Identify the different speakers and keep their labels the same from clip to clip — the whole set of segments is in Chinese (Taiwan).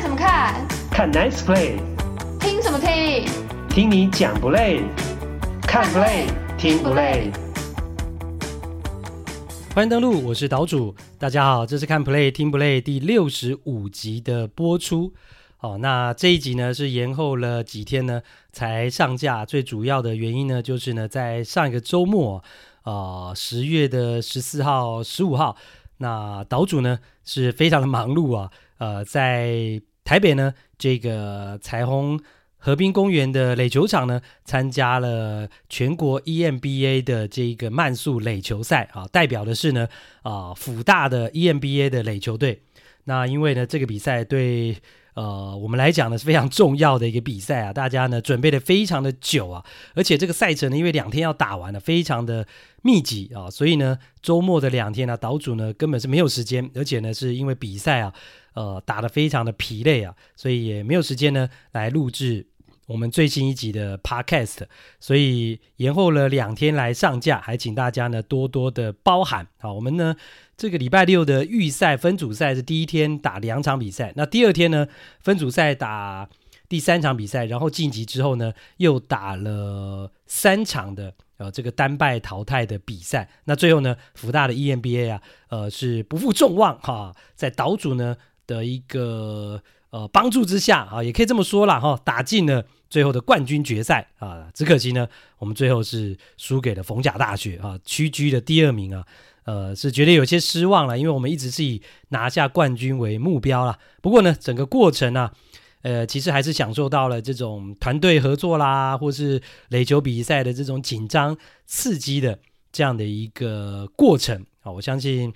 Speaker 1: 看什麼看？看 Nice Play。聽什麼聽？聽你講不累？看 Play 聽不累？不累。歡迎登錄，我是島主，大家好，這是看 Play 聽 Play 第六十五集的播出。哦，那這一集呢是延後了幾天呢才上架，最主要的原因呢就是呢在上一個周末，呃，十月的十四號、十五號，那島主呢是非常的忙碌啊。呃，在台北呢，這個彩虹河濱公園的壘球場呢，參加了全國 EMBA 的這個慢速壘球賽啊，呃，代表的是呢啊，呃，輔大的 EMBA 的壘球隊。那因為呢這個比賽對呃我們來講呢是非常重要的一個比賽啊，大家呢準備的非常的久啊，而且這個賽程呢因為兩天要打完了，非常的。密集啊，所以呢，週末的兩天啊呢，島主呢根本是沒有時間，而且呢是因為比賽啊，呃，打得非常的疲累啊，所以也沒有時間呢來錄製我們最新一集的 Podcast，所以延後了兩天來上架，還請大家呢多多的包涵啊。好，我們呢這個禮拜六的預賽分組賽是第一天打兩場比賽，那第二天呢分組賽打第三場比賽，然後晉級之後呢又打了三場的。呃，這個單敗淘汰的比賽，那最後呢，福大的 EMBA 啊，呃，是不負眾望哈、哦，在島主呢的一個呃幫助之下啊、哦，也可以這麼說啦哈、哦，打進了最後的冠軍決賽啊，只可惜呢，我們最後是輸給了逢甲大學啊，屈居的第二名啊，呃，是覺得有些失望了，因為我們一直是以拿下冠軍為目標啦。不過呢，整個過程呢、啊。呃，其實還是享受到了這種團隊合作啦，或是壘球比賽的這種緊張刺激的這樣的一個過程啊、哦。我相信，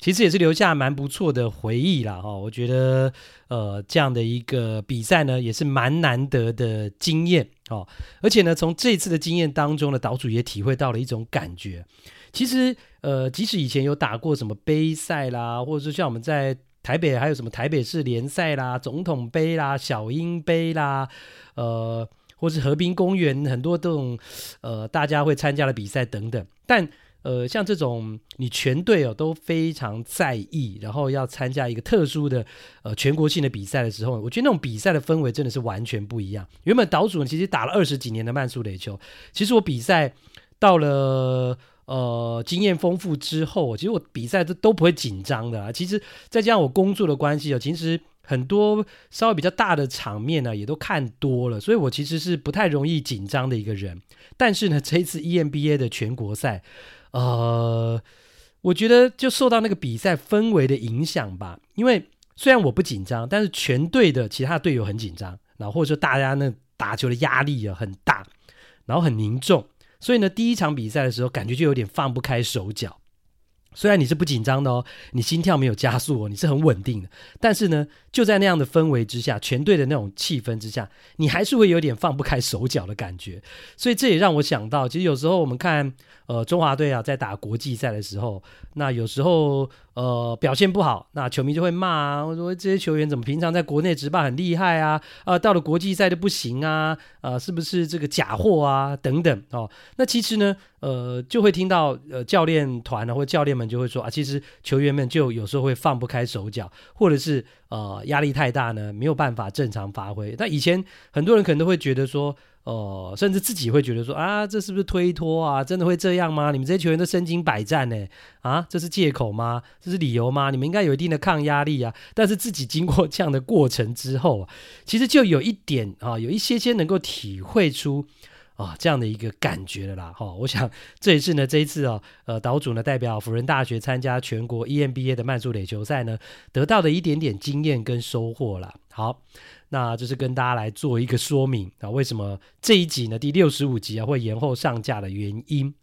Speaker 1: 其實也是留下蠻不錯的回憶啦。哈、哦。我覺得，呃，這樣的一個比賽呢，也是蠻難得的經驗啊、哦。而且呢，從這次的經驗當中呢，島主也體會到了一種感覺。其實，呃，即使以前有打過什麼杯賽啦，或者說像我們在。台北還有什麼台北市聯賽啦、總統杯啦、小英杯啦，呃，或是河濱公園很多這種呃大家會參加的比賽等等。但呃，像這種你全隊哦都非常在意，然後要參加一個特殊的呃全國性的比賽的時候，我覺得那種比賽的氛圍真的是完全不一樣。原本島主呢其實打了二十幾年的慢速壘球，其實我比賽到了。呃，經驗豐富之後，其實我比賽都都不會緊張的、啊。其實，再加上我工作的關係啊、哦，其實很多稍微比較大的場面呢、啊，也都看多了，所以我其實是不太容易緊張的一個人。但是呢，這一次 EMBA 的全國賽，呃，我覺得就受到那個比賽氛圍的影響吧。因為雖然我不緊張，但是全隊的其他隊友很緊張，然後或者說大家那打球的壓力啊很大，然後很凝重。所以呢，第一場比賽的時候，感覺就有點放不開手腳。雖然你是不緊張的哦，你心跳沒有加速哦，你是很穩定的。但是呢，就在那樣的氛圍之下，全隊的那種氣氛之下，你還是會有點放不開手腳的感覺。所以這也讓我想到，其實有時候我們看。呃，中華隊啊，在打國際賽的時候，那有時候呃表現不好，那球迷就會罵啊，我說這些球員怎麼平常在國內職棒很厲害啊，啊、呃，到了國際賽就不行啊，啊、呃，是不是這個假貨啊？等等哦。那其實呢，呃，就會聽到呃教練團啊，或教練們就會說啊，其實球員們就有時候會放不開手腳，或者是呃壓力太大呢，沒有辦法正常發揮。但以前很多人可能都會覺得說。哦、呃，甚至自己會覺得說啊，這是不是推脫啊？真的會這樣嗎？你們這些球員都身經百戰呢，啊，這是借口嗎？這是理由嗎？你們應該有一定的抗壓力啊。但是自己經過這樣的過程之後啊，其實就有一點啊，有一些些能夠體會出啊這樣的一個感覺了啦。哦、啊，我想這一次呢，這一次哦，呃，島主呢代表輔仁大學參加全國 EMBA 的慢速壘球賽呢，得到的一點點經驗跟收穫啦。好。那就是跟大家來做一個說明啊，為什麼這一集呢，第六十五集啊會延後上架的原因？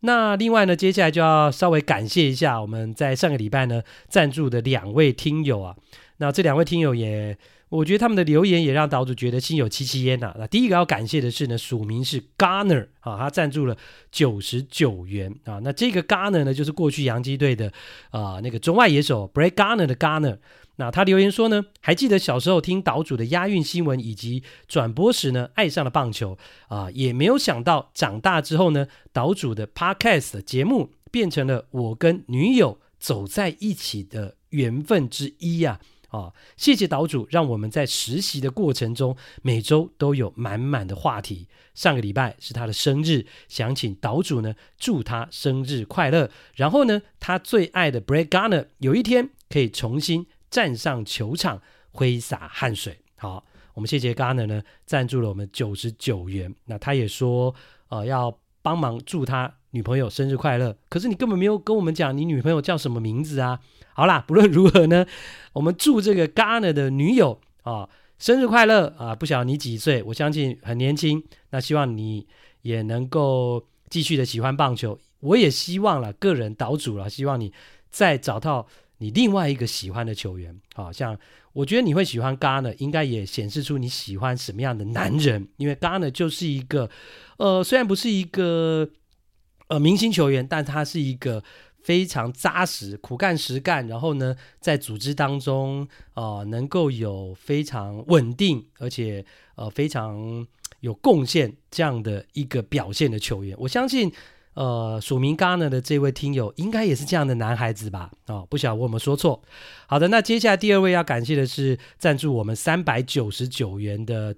Speaker 1: 那另外呢，接下來就要稍微感謝一下我們在上個禮拜呢贊助的兩位聽友啊。那這兩位聽友也，我覺得他們的留言也讓島主覺得心有戚戚焉吶。那第一個要感謝的是呢，署名是 Gardner 啊，他贊助了九十九元啊。那這個 Gardner 呢，就是過去洋基隊的啊那個中外野手 Brett Gardner 的 Gardner。那他留言說呢，還記得小時候聽島主的押韻新聞以及轉播時呢，愛上了棒球啊，也沒有想到長大之後呢，島主的 Podcast 的節目變成了我跟女友走在一起的緣分之一呀啊,啊，謝謝島主讓我們在實習的過程中每周都有滿滿的話題。上個禮拜是他的生日，想請島主呢祝他生日快樂。然後呢，他最愛的 Bumgarner 有一天可以重新。站上球場揮灑汗水。好，我們謝謝 Garner 呢贊助了我們九十九元。那他也說，呃，要幫忙祝他女朋友生日快樂。可是你根本沒有跟我們講你女朋友叫什麼名字啊？好啦，不論如何呢，我們祝這個 Garner 的女友啊、呃、生日快樂啊、呃！不曉得你幾歲？我相信很年輕。那希望你也能夠繼續的喜歡棒球。我也希望啦個人島主啦，希望你再找到。你另外一個喜歡的球員，好像我覺得你會喜歡 Ghana，應該也顯示出你喜歡什麼樣的男人，因為 Ghana 就是一個，呃，雖然不是一個呃明星球員，但他是一個非常紮實、苦幹實幹，然後呢，在組織當中啊、呃，能夠有非常穩定，而且呃非常有貢獻這樣的一個表現的球員，我相信。呃，署名 GANA 的這位聽友，應該也是這樣的男孩子吧？哦，不曉得我有沒有說錯。好的，那接下來第二位要感謝的是贊助我們三百九十九元的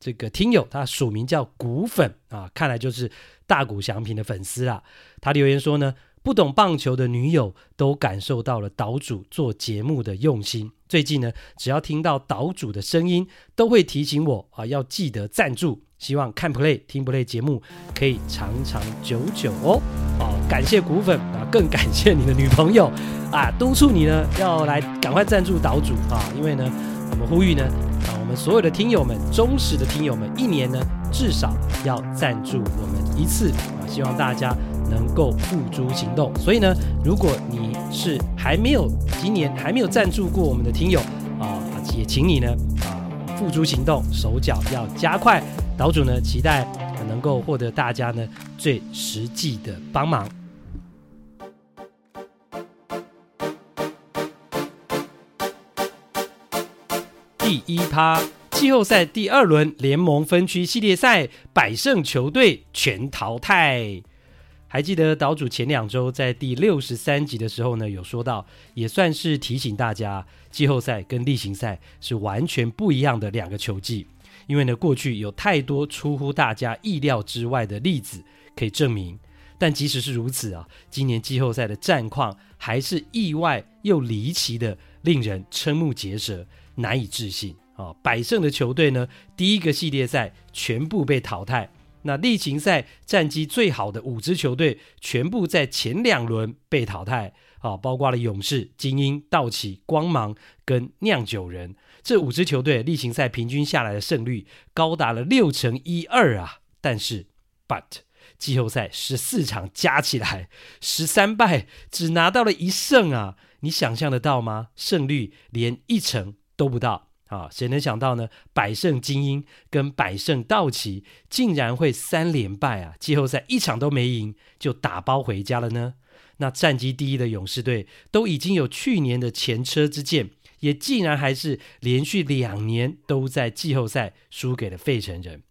Speaker 1: 這個聽友，他署名叫谷粉啊，看來就是大谷翔平的粉絲啊。他留言說呢，不懂棒球的女友都感受到了島主做節目的用心。最近呢，只要聽到島主的聲音，都會提醒我啊，要記得贊助。希望看不 y 聽不 y 節目可以長長久久哦！啊、哦，感謝古粉啊，更感謝你的女朋友啊，督促你呢要來趕快贊助島主啊！因為呢，我們呼籲呢啊，我們所有的聽友們、忠實的聽友們，一年呢至少要贊助我們一次啊！希望大家能夠付諸行動。所以呢，如果你是還沒有今年還沒有贊助過我們的聽友啊，也請你呢啊。付諸行動，手腳要加快。島主呢，期待能夠獲得大家呢最實際的幫忙。第一趴，季後賽第二輪聯盟分區系列賽，百勝球隊全淘汰。還記得島主前兩周在第六十三集的時候呢，有說到，也算是提醒大家，季後賽跟例行賽是完全不一樣的兩個球季。因為呢，過去有太多出乎大家意料之外的例子可以證明。但即使是如此啊，今年季後賽的戰況還是意外又離奇的，令人瞠目結舌、難以置信啊！哦，百勝的球隊呢，第一個系列賽全部被淘汰。那例行賽戰績最好的五支球隊，全部在前兩輪被淘汰啊，包括了勇士、精英、道奇、光芒跟釀酒人這五支球隊。例行賽平均下來的勝率高達了六成一二啊，但是，but 季後賽十四場加起來十三敗，只拿到了一勝啊，你想象得到嗎？勝率連一成都不到。啊，誰能想到呢？百勝金鶯跟百勝道奇竟然會三連敗啊！季後賽一場都沒贏，就打包回家了呢。那戰績第一的勇士隊都已經有去年的前車之鑑，也竟然還是連續兩年都在季後賽輸給了費城人。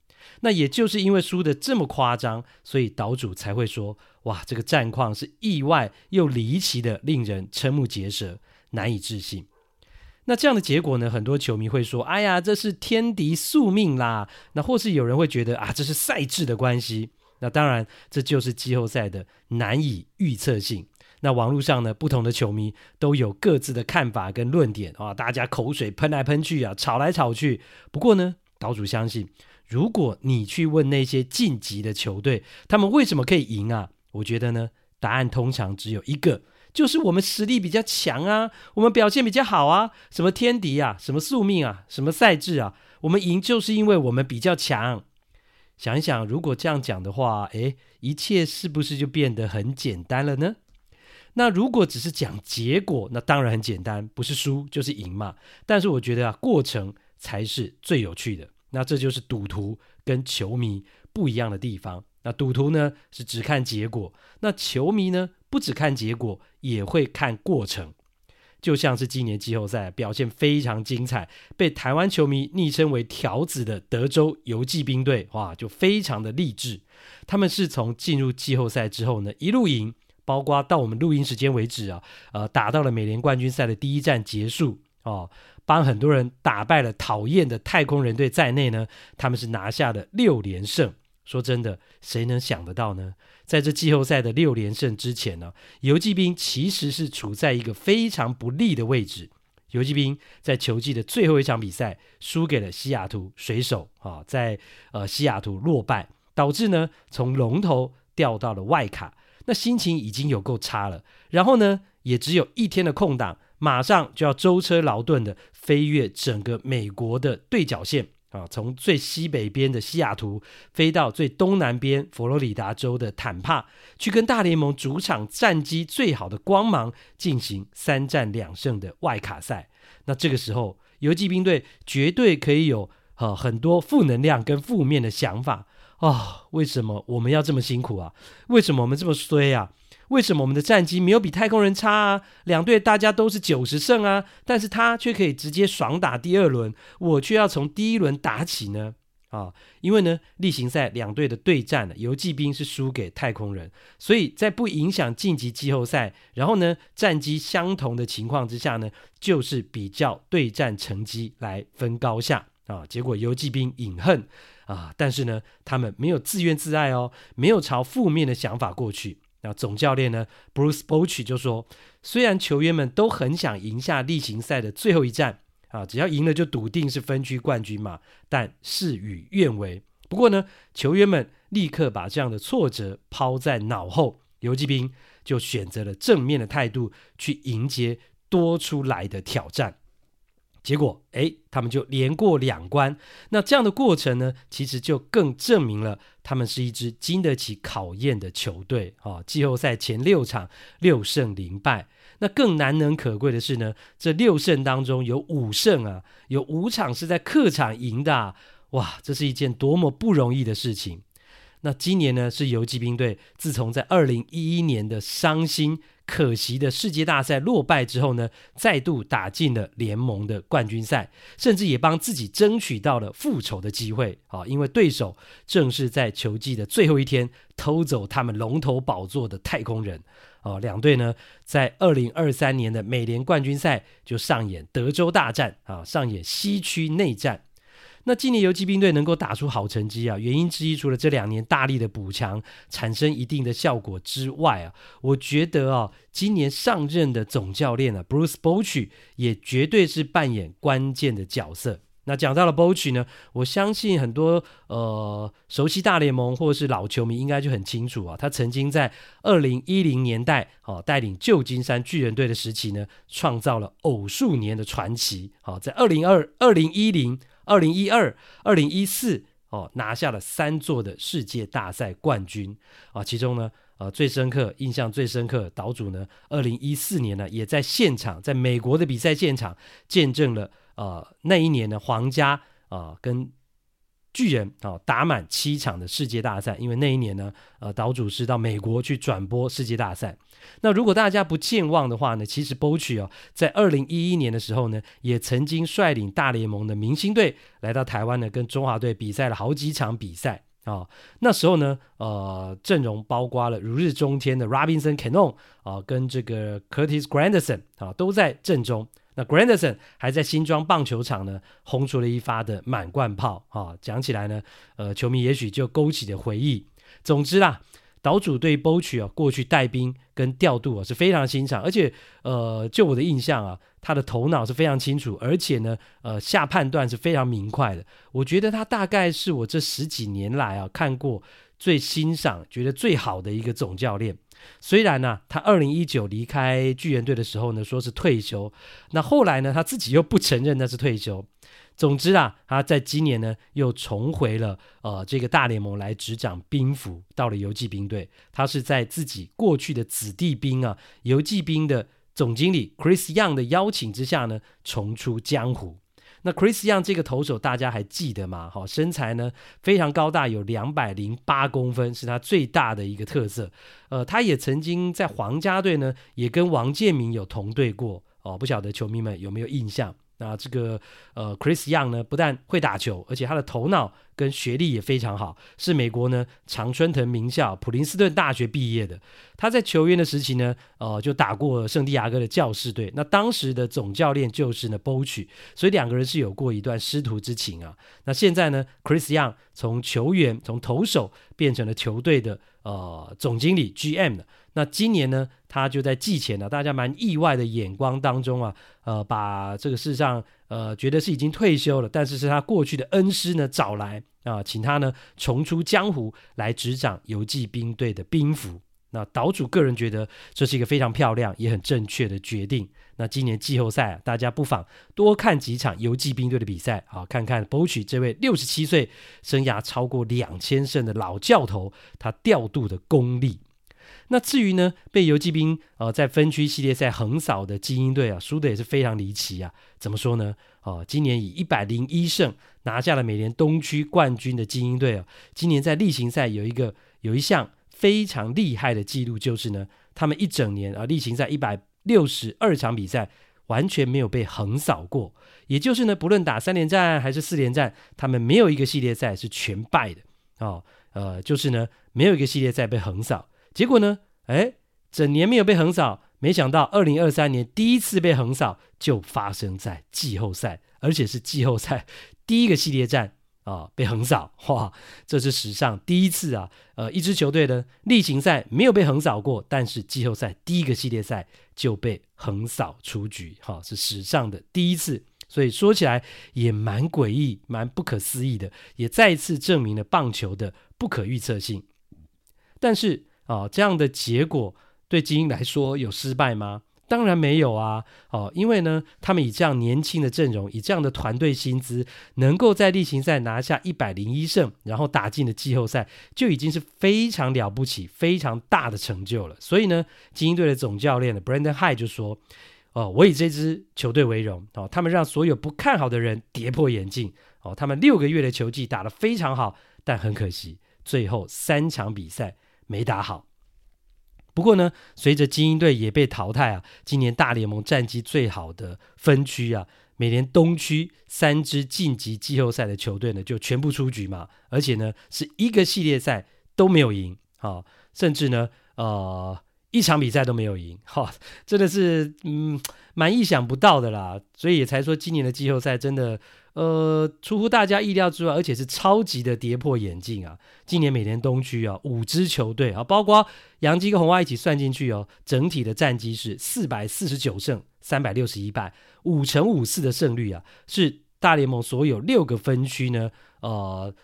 Speaker 1: 那也就是因為輸的這麼誇張，所以島主才會說：哇，這個戰況是意外又離奇的，令人瞠目結舌，難以置信。那這樣的結果呢，很多球迷會說：“哎呀，這是天敵宿命啦。”那或是有人會覺得啊，這是賽制的關係。那當然，這就是季後賽的難以預測性。那網絡上呢，不同的球迷都有各自的看法跟論點啊，大家口水噴來噴去啊，吵來吵去。不過呢，島主相信，如果你去問那些晉級的球隊，他們為什麼可以贏啊？我覺得呢，答案通常只有一個。就是我們實力比較強啊，我們表現比較好啊，什麼天敵啊，什麼宿命啊，什麼賽制啊，我們贏就是因為我們比較強。想一想，如果這樣講的話，誒，一切是不是就變得很簡單了呢？那如果只是講結果，那當然很簡單，不是輸就是贏嘛。但是我覺得啊，過程才是最有趣的。那這就是賭徒跟球迷不一樣的地方。那賭徒呢，是只看結果，那球迷呢？不只看結果，也會看過程。就像是今年季後賽表現非常精彩，被台灣球迷昵稱為“條子”的德州遊騎兵隊，哇，就非常的勵志。他們是從進入季後賽之後呢，一路贏，包括到我們錄音時間為止啊，呃，打到了美聯冠軍賽的第一戰結束哦，幫很多人打敗了討厭的太空人隊在內呢，他們是拿下了六連勝。說真的，誰能想得到呢？在這季後賽的六連勝之前呢，遊騎兵其實是處在一個非常不利的位置。遊騎兵在球季的最後一場比賽輸給了西雅圖水手啊，在呃西雅圖落敗，導致呢從龍頭掉到了外卡，那心情已經有夠差了。然後呢，也只有一天的空檔，馬上就要舟車勞頓的飛越整個美國的對角線。啊，從最西北邊的西雅圖飛到最東南邊佛羅里達州的坦帕，去跟大聯盟主場戰績最好的光芒進行三戰兩勝的外卡賽。那這個時候，遊騎兵隊絕對可以有、呃、很多負能量跟負面的想法啊、哦！為什麼我們要這麼辛苦啊？為什麼我們這麼衰啊。為什麼我們的戰績沒有比太空人差啊？兩隊大家都是九十勝啊，但是他卻可以直接爽打第二輪，我卻要從第一輪打起呢？啊，因為呢例行賽兩隊的對戰呢，遊騎兵是輸給太空人，所以在不影響晉級季後賽，然後呢戰績相同的情況之下呢，就是比較對戰成績來分高下啊。結果遊騎兵飲恨啊，但是呢他們沒有自怨自艾哦，沒有朝負面的想法過去。那總教練呢？Bruce Bochy 就說：“雖然球員們都很想贏下例行賽的最後一戰啊，只要贏了就篤定是分區冠軍嘛，但事與願違。不過呢，球員們立刻把這樣的挫折拋在腦後，遊騎兵就選擇了正面的態度去迎接多出來的挑戰。”結果，誒，他們就連過兩關。那這樣的過程呢，其實就更證明了他們是一支經得起考驗的球隊。哈、哦，季後賽前六場六勝零敗。那更難能可貴的是呢，這六勝當中有五勝啊，有五場是在客場贏的、啊。哇，這是一件多麼不容易的事情。那今年呢，是遊騎兵隊自從在二零一一年的傷心可惜的世界大賽落敗之後呢，再度打進了聯盟的冠軍賽，甚至也幫自己爭取到了復仇的機會啊！因為對手正是在球季的最後一天偷走他們龍頭寶座的太空人啊！兩隊呢，在二零二三年的美聯冠軍賽就上演德州大戰啊，上演西區內戰。那今年遊騎兵隊能夠打出好成績啊，原因之一除了這兩年大力的補強產生一定的效果之外啊，我覺得啊，今年上任的總教練啊，Bruce Bochy 也絕對是扮演關鍵的角色。那講到了 Bochy 呢，我相信很多呃熟悉大聯盟或者是老球迷應該就很清楚啊，他曾經在二零一零年代啊帶領舊金山巨人隊的時期呢，創造了偶數年的傳奇。好，在二零二二零一零二零一二、二零一四哦，拿下了三座的世界大賽冠軍啊！其中呢，呃、啊，最深刻印象最深刻島主呢，二零一四年呢，也在現場，在美國的比賽現場，見證了啊、呃，那一年的皇家啊、呃，跟。巨人啊，打滿七場的世界大賽，因為那一年呢，呃，島主是到美國去轉播世界大賽。那如果大家不健忘的話呢，其實 Bochy 哦，在二零一一年的時候呢，也曾經率領大聯盟的明星隊來到台灣呢，跟中華隊比賽了好幾場比賽啊。那時候呢，呃，陣容包括了如日中天的 Robinson Cano 啊，跟這個 Curtis Granderson 啊，都在陣中。那 Granderson 還在新莊棒球場呢，轟出了一發的滿貫炮啊！講起來呢，呃，球迷也許就勾起了回憶。總之啦，島主對 Bow 曲，啊過去帶兵跟調度啊、哦、是非常欣賞，而且呃，就我的印象啊，他的頭腦是非常清楚，而且呢，呃，下判斷是非常明快的。我覺得他大概是我這十幾年來啊看過最欣賞、覺得最好的一個總教練。雖然呢、啊，他二零一九離開巨人隊的時候呢，說是退休，那後來呢，他自己又不承認那是退休。總之啊，他在今年呢又重回了呃這個大聯盟來執掌兵符，到了遊騎兵隊，他是在自己過去的子弟兵啊，遊騎兵的總經理 Chris Young 的邀請之下呢，重出江湖。那 Chris Young 這個投手大家還記得嗎？好、哦，身材呢非常高大，有兩百零八公分，是他最大的一個特色。呃，他也曾經在皇家隊呢，也跟王建民有同隊過哦。不曉得球迷們有沒有印象？那這個呃 Chris Young 呢，不但會打球，而且他的頭腦跟學歷也非常好，是美國呢常春藤名校普林斯頓大學畢業的。他在球員的時期呢，呃，就打過聖地亞哥的教士隊。那當時的總教練就是呢，波曲，所以兩個人是有過一段師徒之情啊。那現在呢，Chris Young 從球員從投手變成了球隊的呃總經理 GM 了。那今年呢，他就在季前呢，啊，大家蠻意外的眼光當中啊，呃，把這個世上呃覺得是已經退休了，但是是他過去的恩師呢找來啊，呃，請他呢重出江湖來執掌遊騎兵隊的兵符。那島主個人覺得這是一個非常漂亮也很正確的決定。那今年季後賽啊，大家不妨多看幾場遊騎兵隊的比賽啊，看看博取這位六十七歲、生涯超過兩千勝的老教頭他調度的功力。那至於呢，被遊騎兵啊在分區系列賽橫掃的金鶯隊啊，輸得也是非常離奇啊。怎麼說呢？哦、啊，今年以一百零一勝拿下了美聯東區冠軍的金鶯隊啊，今年在例行賽有一個有一項。非常厲害的記錄就是呢，他們一整年啊，呃，例行賽一百六十二場比賽完全沒有被橫掃過。也就是呢，不論打三連戰還是四連戰，他們沒有一個系列賽是全敗的。哦，呃，就是呢，沒有一個系列賽被橫掃。結果呢，哎，整年沒有被橫掃，沒想到二零二三年第一次被橫掃就發生在季後賽，而且是季後賽第一個系列戰。啊、哦，被橫掃，哇！這是史上第一次啊，呃，一支球隊的例行賽沒有被橫掃過，但是季後賽第一個系列賽就被橫掃出局，哈、哦，是史上的第一次，所以說起來也蠻詭異、蠻不可思議的，也再一次證明了棒球的不可預測性。但是啊、哦，這樣的結果對金鶯來說有失敗嗎？當然沒有啊，哦，因為呢，他們以這樣年輕的陣容，以這樣的團隊薪資，能夠在例行賽拿下一百零一勝，然後打進了季後賽，就已經是非常了不起、非常大的成就了。所以呢，金鶯隊的總教練的 Brandon Hyde 就說：“哦，我以這支球隊為榮，哦，他們讓所有不看好的人跌破眼鏡，哦，他們六個月的球技打得非常好，但很可惜，最後三場比賽沒打好。”不過呢，隨着金鶯隊也被淘汰啊，今年大聯盟戰績最好的分區啊，美聯東區三支晉級季後賽的球隊呢，就全部出局嘛，而且呢，是一個系列賽都沒有贏哈、哦，甚至呢，呃，一場比賽都沒有贏，哈、哦，真的是嗯，蠻意想不到的啦，所以也才說今年的季後賽真的。呃，出乎大家意料之外，而且是超級的跌破眼鏡啊！今年美聯東區啊，五支球隊啊，包括洋基跟紅襪一起算進去哦，整體的戰績是四百四十九勝三百六十一敗，五成五四的勝率啊，是大聯盟所有六個分區呢，呃，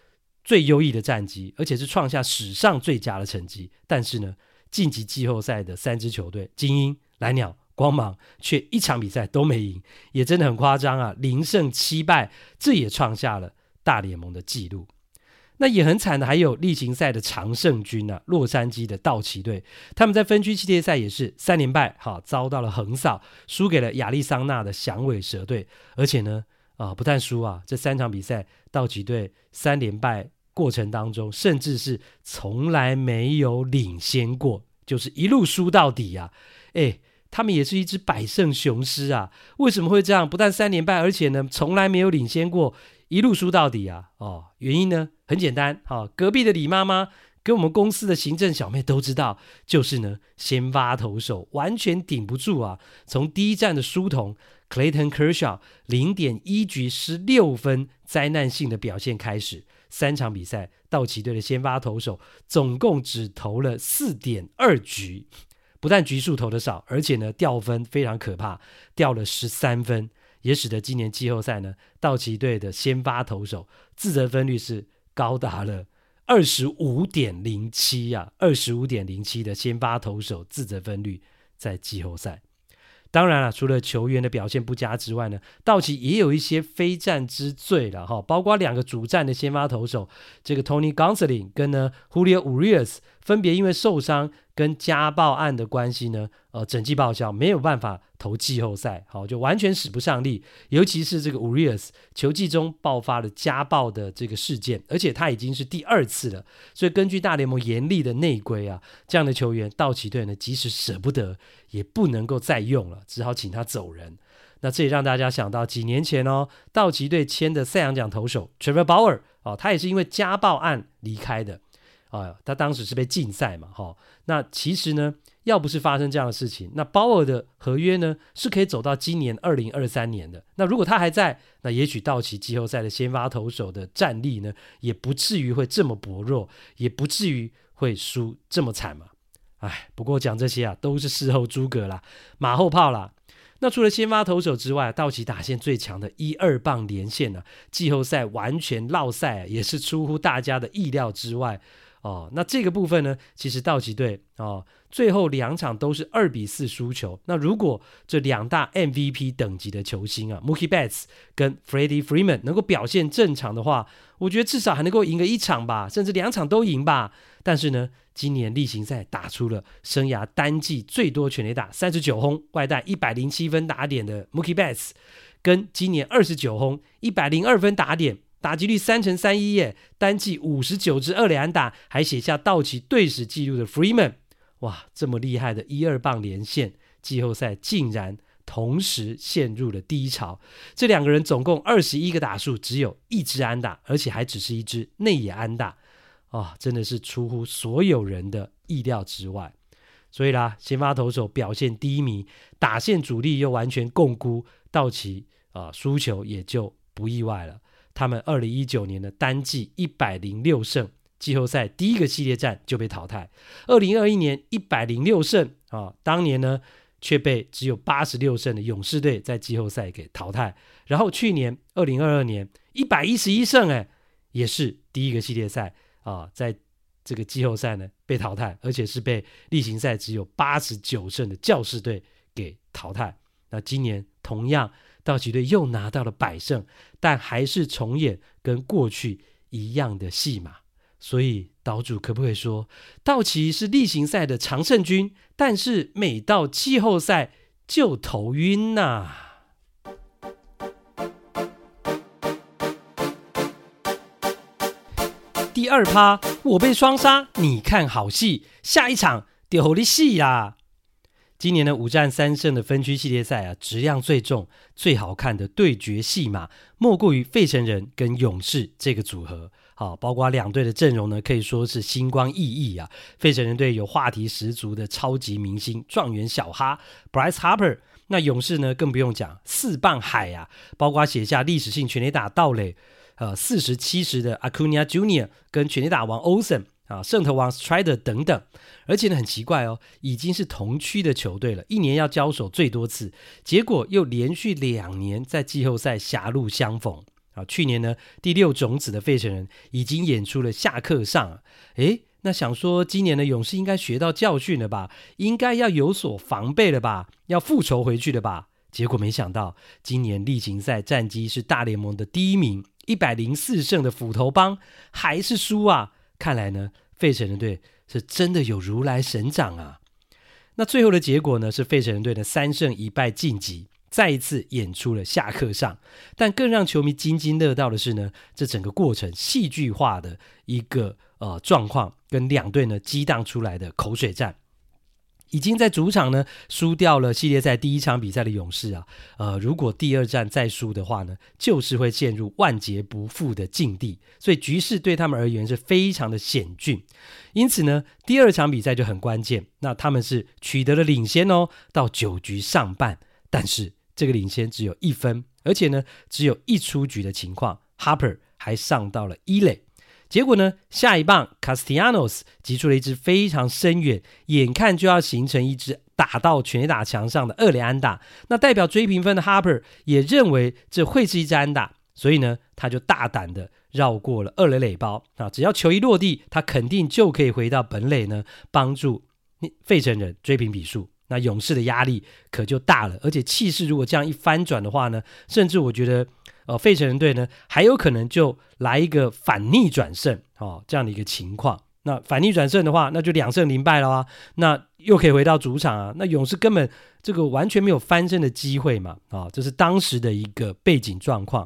Speaker 1: 最優異的戰績，而且是創下史上最佳的成績。但是呢，晉級季後賽的三支球隊，金鶯、藍鳥。光芒卻一場比賽都沒贏，也真的很誇張啊！零勝七敗，這也創下了大聯盟的紀錄。那也很慘的，還有例行賽的常勝軍啊，洛杉磯的道奇隊，他們在分區系列賽也是三連敗，哈、啊、遭到了橫掃，輸給了亞利桑那的響尾蛇隊。而且呢，啊，不但輸啊，這三場比賽，道奇隊三連敗過程當中，甚至是從來沒有領先過，就是一路輸到底呀、啊！哎、欸。他們也是一隻百勝雄獅啊！為什麼會這樣？不但三連敗，而且呢，從來沒有領先過，一路輸到底啊！哦，原因呢，很簡單。好、哦，隔壁的李媽媽跟我們公司的行政小妹都知道，就是呢，先發投手完全頂不住啊！從第一戰的書童 Clayton Kershaw 零點一局失六分，災難性的表現開始，三場比賽，道奇隊的先發投手總共只投了四點二局。不但局數投的少，而且呢，掉分非常可怕，掉了十三分，也使得今年季後賽呢，道奇隊的先發投手自責分率是高達了二十五點零七啊，二十五點零七的先發投手自責分率在季後賽。當然了，除了球員的表現不佳之外呢，道奇也有一些非戰之罪了哈，包括兩個主戰的先發投手，這個 Tony Gonsolin 跟呢 Julio Urias 分別因為受傷。跟家暴案的關係呢？呃，整季報銷，沒有辦法投季後賽，好、哦，就完全使不上力。尤其是這個 Urias，球季中爆發了家暴的這個事件，而且他已經是第二次了。所以根據大聯盟嚴厲的內規啊，這樣的球員，道奇隊呢，即使捨不得，也不能夠再用了，只好請他走人。那這也讓大家想到，幾年前哦，道奇隊簽的賽揚獎投手 Trevor Bauer 哦，他也是因為家暴案離開的。啊、哦，他當時是被禁賽嘛，哈、哦。那其實呢，要不是發生這樣的事情，那鮑爾的合約呢是可以走到今年二零二三年的。那如果他還在，那也許道奇季後賽的先發投手的戰力呢，也不至於會這麼薄弱，也不至於會輸這麼慘嘛。哎，不過講這些啊，都是事後諸葛啦，馬後炮啦。那除了先發投手之外，道奇打線最強的一二棒連線呢、啊，季後賽完全落賽、啊、也是出乎大家的意料之外。哦，那這個部分呢，其實道奇隊哦，最後兩場都是二比四輸球。那如果這兩大 MVP 等級的球星啊，Mookie Betts 跟 Freddie Freeman 能夠表現正常的話，我覺得至少還能夠贏個一場吧，甚至兩場都贏吧。但是呢，今年例行賽打出了生涯單季最多全壘打三十九轟，外帶一百零七分打點的 Mookie Betts，跟今年二十九轟，一百零二分打點，打擊率三成三一耶，單季五十九支二壘安打，還寫下道奇隊史紀錄的 Freeman。哇，這麼厲害的一二棒連線，季後賽竟然同時陷入了低潮。這兩個人總共二十一個打數，只有一支安打，而且還只是一支內野安打。啊、哦，真的是出乎所有人的意料之外。所以啦，先發投手表現低迷，打線主力又完全共估，道奇啊輸球也就不意外了。他們二零一九年的單季一百零六勝，季後賽第一個系列戰就被淘汰。二零二一年一百零六勝啊，當年呢卻被只有八十六勝的勇士隊在季後賽給淘汰。然後去年二零二二年一百一十一勝，哎，也是第一個系列賽啊，在這個季後賽呢被淘汰，而且是被例行賽只有八十九勝的教士隊給淘汰。那今年同樣。道奇隊又拿到了百勝，但還是重演跟過去一樣的戲碼。所以島主可不可以說，道奇是例行賽的常勝軍，但是每到季後賽就頭暈吶啊？第二趴，我被雙殺，你看好戲，下一場就乎你細啦！今年的五戰三勝的分區系列賽啊，質量最重、最好看的對決戲碼，莫過於費城人跟勇士這個組合。好，包括兩隊的陣容呢，可以說是星光熠熠啊。費城人隊有話題十足的超級明星狀元小哈 （Bryce Harper），那勇士呢更不用講，四棒海呀、啊，包括寫下歷史性全壘打盜壘，呃，四十七十的 Acuna Jr. 跟全壘打王 Olson。啊，勝投王 Strider 等等，而且呢，很奇怪哦，已經是同區的球隊了，一年要交手最多次，結果又連續兩年在季後賽狹路相逢啊！去年呢，第六種子的費城人已經演出了下剋上，哎、欸，那想說今年的勇士應該學到教訓了吧，應該要有所防備了吧，要復仇回去了吧？結果沒想到，今年例行賽戰績是大聯盟的第一名，一百零四勝的斧頭幫還是輸啊！看來呢，費城人隊是真的有如來神掌啊！那最後的結果呢，是費城人隊的三勝一敗晉級，再一次演出了下剋上。但更讓球迷津津樂道的是呢，這整個過程戲劇化的一個呃狀況，跟兩隊呢激盪出來的口水戰。已經在主場呢輸掉了系列賽第一場比賽的勇士啊，呃，如果第二戰再輸的話呢，就是會陷入萬劫不復的境地，所以局勢對他們而言是非常的險峻。因此呢，第二場比賽就很關鍵。那他們是取得了領先哦，到九局上半，但是這個領先只有一分，而且呢，只有一出局的情況，Harper 還上到了一壘。結果呢？下一棒 Castellanos 擊出了一支非常深遠，眼看就要形成一支打到全壘打牆上的二壘安打。那代表追平分的 Harper 也認為這會是一支安打，所以呢，他就大膽的繞過了二壘壘包啊，那只要球一落地，他肯定就可以回到本壘呢，幫助你費城人追平比數。那勇士的壓力可就大了，而且氣勢如果這樣一翻轉的話呢，甚至我覺得。呃、哦，費城人隊呢，還有可能就來一個反逆轉勝，哦，這樣的一個情況。那反逆轉勝的話，那就兩勝零敗了啊。那又可以回到主場啊。那勇士根本這個完全沒有翻身的機會嘛，啊、哦，這是當時的一個背景狀況。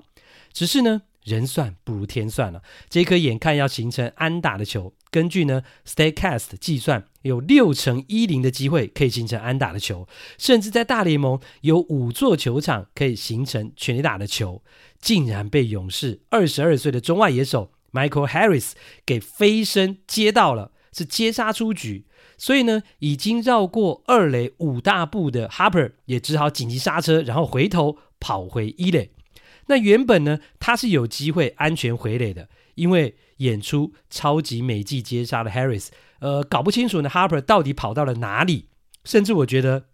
Speaker 1: 只是呢。人算不如天算了，這顆眼看要形成安打的球，根據呢 Statcast 計算，有六成一零的機會可以形成安打的球，甚至在大聯盟有五座球場可以形成全壘打的球，竟然被勇士二十二歲的中外野手 Michael Harris 給飛身接到了，是接殺出局。所以呢，已經繞過二壘五大步的 Harper 也只好緊急剎車，然後回頭跑回一壘。那原本呢，他是有機會安全回壘的，因為演出超級美技接殺了 Harris，呃，搞不清楚呢，Harper 到底跑到了哪裡，甚至我覺得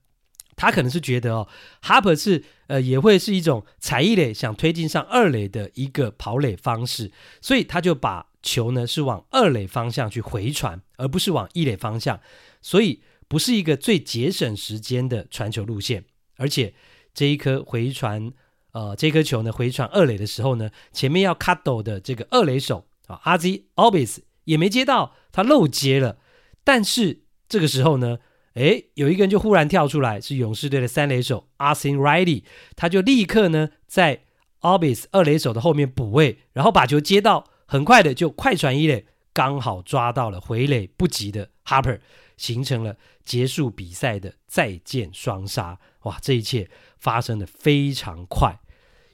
Speaker 1: 他可能是覺得哦，Harper 是呃，也會是一種踩一壘想推進上二壘的一個跑壘方式，所以他就把球呢是往二壘方向去回傳，而不是往一壘方向，所以不是一個最節省時間的傳球路線，而且這一顆回傳。呃，這顆球呢回傳二壘的時候呢，前面要 cut 到的這個二壘手啊，Ozzie Albies 也沒接到，他漏接了。但是這個時候呢，誒，有一個人就忽然跳出來，是勇士隊的三壘手，Austin Riley 他就立刻呢在 Albies 二壘手的後面補位，然後把球接到，很快的就快傳一壘，剛好抓到了回壘不及的 Harper，形成了結束比賽的再見雙殺。哇，這一切發生的非常快。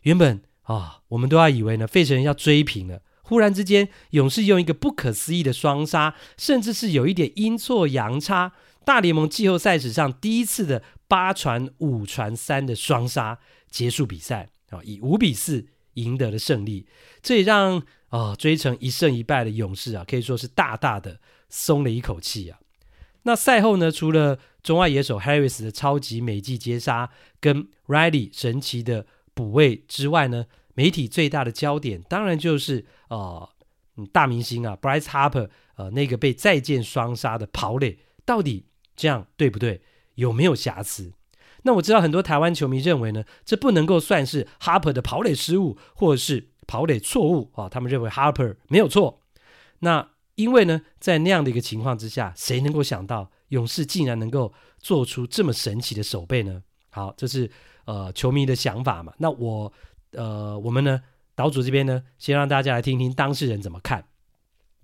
Speaker 1: 原本啊、哦，我們都要以為呢，費城要追平了。忽然之間，勇士用一個不可思議的雙殺，甚至是有一點陰錯陽差，大聯盟季後賽史上第一次的八傳五傳三的雙殺結束比賽啊、哦，以五比四贏得了勝利。這也讓啊、哦、追成一勝一敗的勇士啊，可以說是大大的鬆了一口氣啊。那賽後呢，除了中外野手 Harris 的超級美技接殺，跟 Riley 神奇的。補位之外呢，媒體最大的焦點當然就是啊、呃，大明星啊，Bryce Harper，呃，那個被再見雙殺的跑壘，到底這樣對不對？有沒有瑕疵？那我知道很多台灣球迷認為呢，這不能夠算是 Harper 的跑壘失誤或者是跑壘錯誤啊，他們認為 Harper 沒有錯。那因為呢，在那樣的一個情況之下，誰能夠想到勇士竟然能夠做出這麼神奇的守備呢？好，這是。呃，球迷的想法嘛，那我呃，我們呢，島主這邊呢，先讓大家來聽聽當事人怎麼看。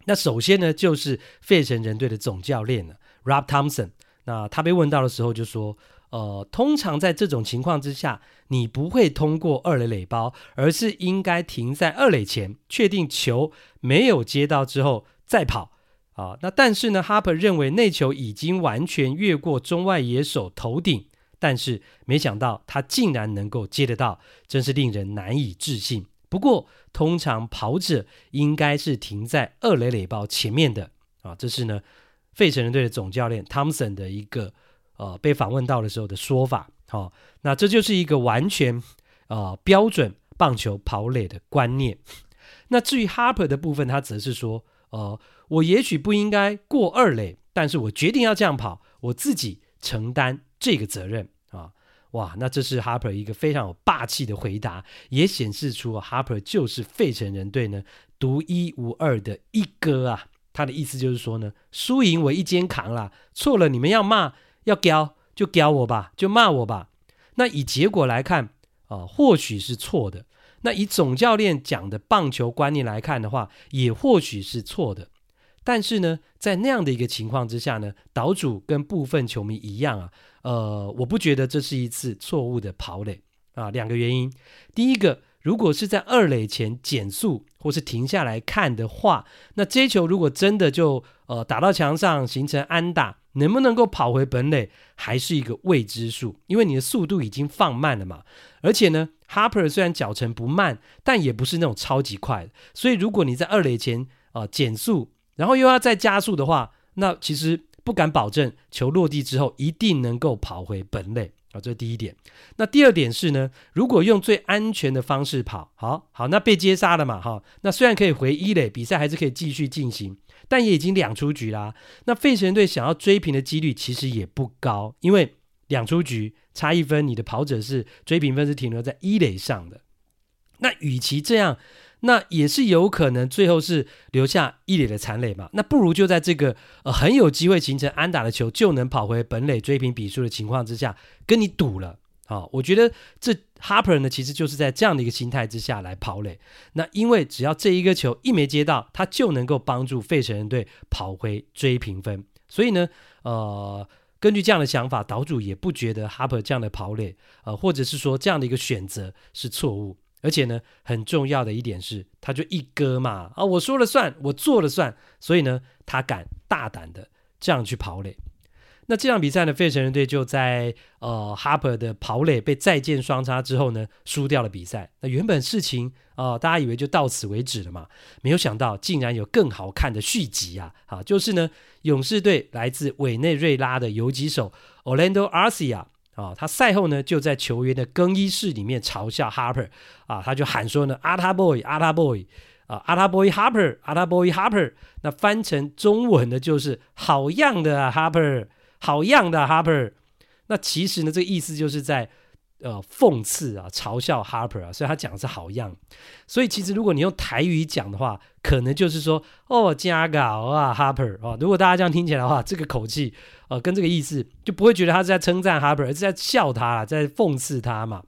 Speaker 1: 那首先呢，就是費城人隊的總教練呢、啊、Rob Thompson。那他被問到的時候就說：“呃，通常在這種情況之下，你不會通過二壘壘包，而是應該停在二壘前，確定球沒有接到之後再跑。啊，那但是呢，Harper 認為那球已經完全越過中外野手頭頂。”但是沒想到他竟然能夠接得到，真是令人難以置信。不過通常跑者應該是停在二壘壘包前面的啊。這是呢費城人隊的總教練湯森的一個呃被訪問到的時候的說法。好、哦，那這就是一個完全呃標準棒球跑壘的觀念。那至於哈珀的部分，他則是說：呃，我也許不應該過二壘，但是我決定要這樣跑，我自己承擔。這個責任啊，哇，那這是 Harper 一個非常有霸氣的回答，也顯示出、啊、Harper 就是費城人隊呢獨一無二的一哥啊。他的意思就是說呢，輸贏為一肩扛啦，錯了你們要罵要屌就屌我吧，就罵我吧。那以結果來看啊，或許是錯的；那以總教練講的棒球觀念來看的話，也或許是錯的。但是呢，在那樣的一個情況之下呢，島主跟部分球迷一樣啊。呃，我不覺得這是一次錯誤的跑壘啊。兩個原因，第一個，如果是在二壘前減速或是停下來看的話，那這球如果真的就呃打到牆上形成安打，能不能夠跑回本壘還是一個未知數，因為你的速度已經放慢了嘛。而且呢，Harper 雖然腳程不慢，但也不是那種超級快，所以如果你在二壘前啊、呃、減速，然後又要再加速的話，那其實。不敢保證球落地之後，一定能夠跑回本壘啊、哦，這是第一點。那第二點是呢，如果用最安全的方式跑，好好那被接殺了嘛哈、哦，那雖然可以回一壘，比賽還是可以繼續進行，但也已經兩出局啦、啊。那費城隊想要追平的幾率其實也不高，因為兩出局差一分，你的跑者是追平分是停留在一壘上的。那與其這樣。那也是有可能最後是留下一壘的殘壘嘛。那不如就在這個呃很有機會形成安打的球就能跑回本壘追平比數的情況之下，跟你賭了啊。哦，我覺得這 Harper 呢，其實就是在這樣的一個心態之下來跑壘。那因為只要這一個球一沒接到，他就能夠幫助費城人隊跑回追平分。所以呢，呃，根據這樣的想法，島主也不覺得 Harper 這樣的跑壘，呃，或者是說這樣的一個選擇是錯誤。而且呢，很重要的一點是，他就一哥嘛，啊、哦，我說了算，我做了算，所以呢，他敢大膽的這樣去跑壘。那這場比賽呢，費城人隊就在呃哈珀的跑壘被再見雙殺之後呢，輸掉了比賽。那原本事情啊、呃，大家以為就到此為止了嘛，沒有想到竟然有更好看的續集啊，啊，就是呢，勇士隊來自委內瑞拉的游擊手 Orlando Arcia。啊、哦，他賽後呢就在球員的更衣室裡面嘲笑 Harper 啊，他就喊說呢，阿他 boy 阿他 boy 啊阿他 boy Harper 阿他 boy Harper，那翻成中文的就是好樣的 Harper 好樣的 Harper，那其實呢這個、意思就是在呃諷刺啊嘲笑 Harper，、啊、所以他講的是好樣，所以其實如果你用台語講的話，可能就是說、oh, so、good, 哦加油啊 Harper 啊，如果大家這樣聽起來的話，這個口氣。呃，跟這個意思就不會覺得他是在稱讚哈珀，而是在笑他啊，在諷刺他嘛。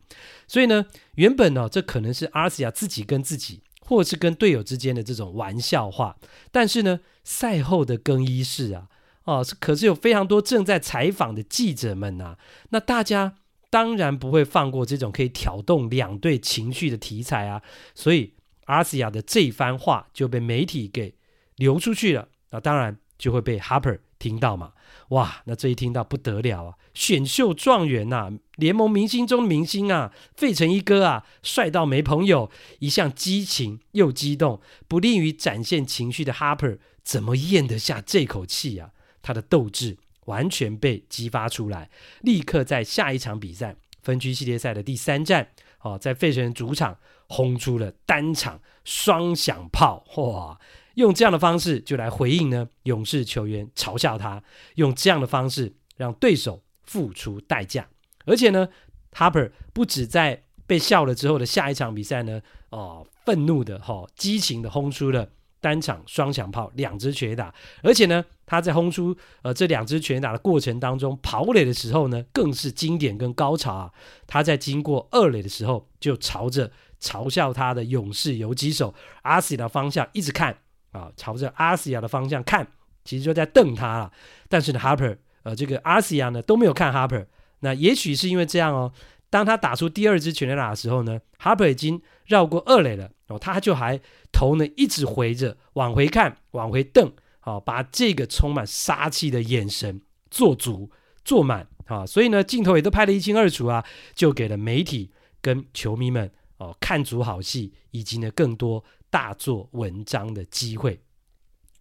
Speaker 1: 所以呢，原本呢、哦，這可能是阿西亞自己跟自己，或者是跟隊友之間的這種玩笑話。但是呢，賽後的更衣室啊，哦、啊，可是有非常多正在採訪的記者們啊，那大家當然不會放過這種可以挑動兩隊情緒的題材啊。所以阿西亞的這番話就被媒體給流出去了。那、啊、當然就會被哈珀聽到嘛。哇，那這一聽到不得了啊！選秀狀元吶、啊，聯盟明星中明星啊，費城一哥啊，帥到沒朋友，一向激情又激動，不利於展現情緒的哈波，怎麼嚥得下這口氣啊？他的鬥志完全被激發出來，立刻在下一場比賽分區系列賽的第三戰，哦，在費城主場轟出了單場雙響炮，哇！用這樣的方式就來回應呢？勇士球員嘲笑他，用這樣的方式讓對手付出代價。而且呢，Harper 不止在被笑了之後的下一場比賽呢，哦，憤怒的哈、哦，激情的轟出了單場雙響炮，兩支全打。而且呢，他在轟出呃這兩支全打的過程當中，跑壘的時候呢，更是經典跟高潮啊！他在經過二壘的時候，就朝着嘲笑他的勇士游擊手阿西的方向一直看。啊，朝着阿西亞的方向看，其實就在瞪他了。但是呢 Harper 呃，這個阿西亞呢都沒有看 Harper，那也許是因為這樣哦。當他打出第二支全壘打的時候呢 Harper 已經繞過二壘了哦，他就還頭呢一直回着往回看，往回瞪，哦，把這個充滿殺氣的眼神做足做滿啊，哦。所以呢，鏡頭也都拍得一清二楚啊，就給了媒體跟球迷們哦看足好戲，以及呢更多。大做文章的機會。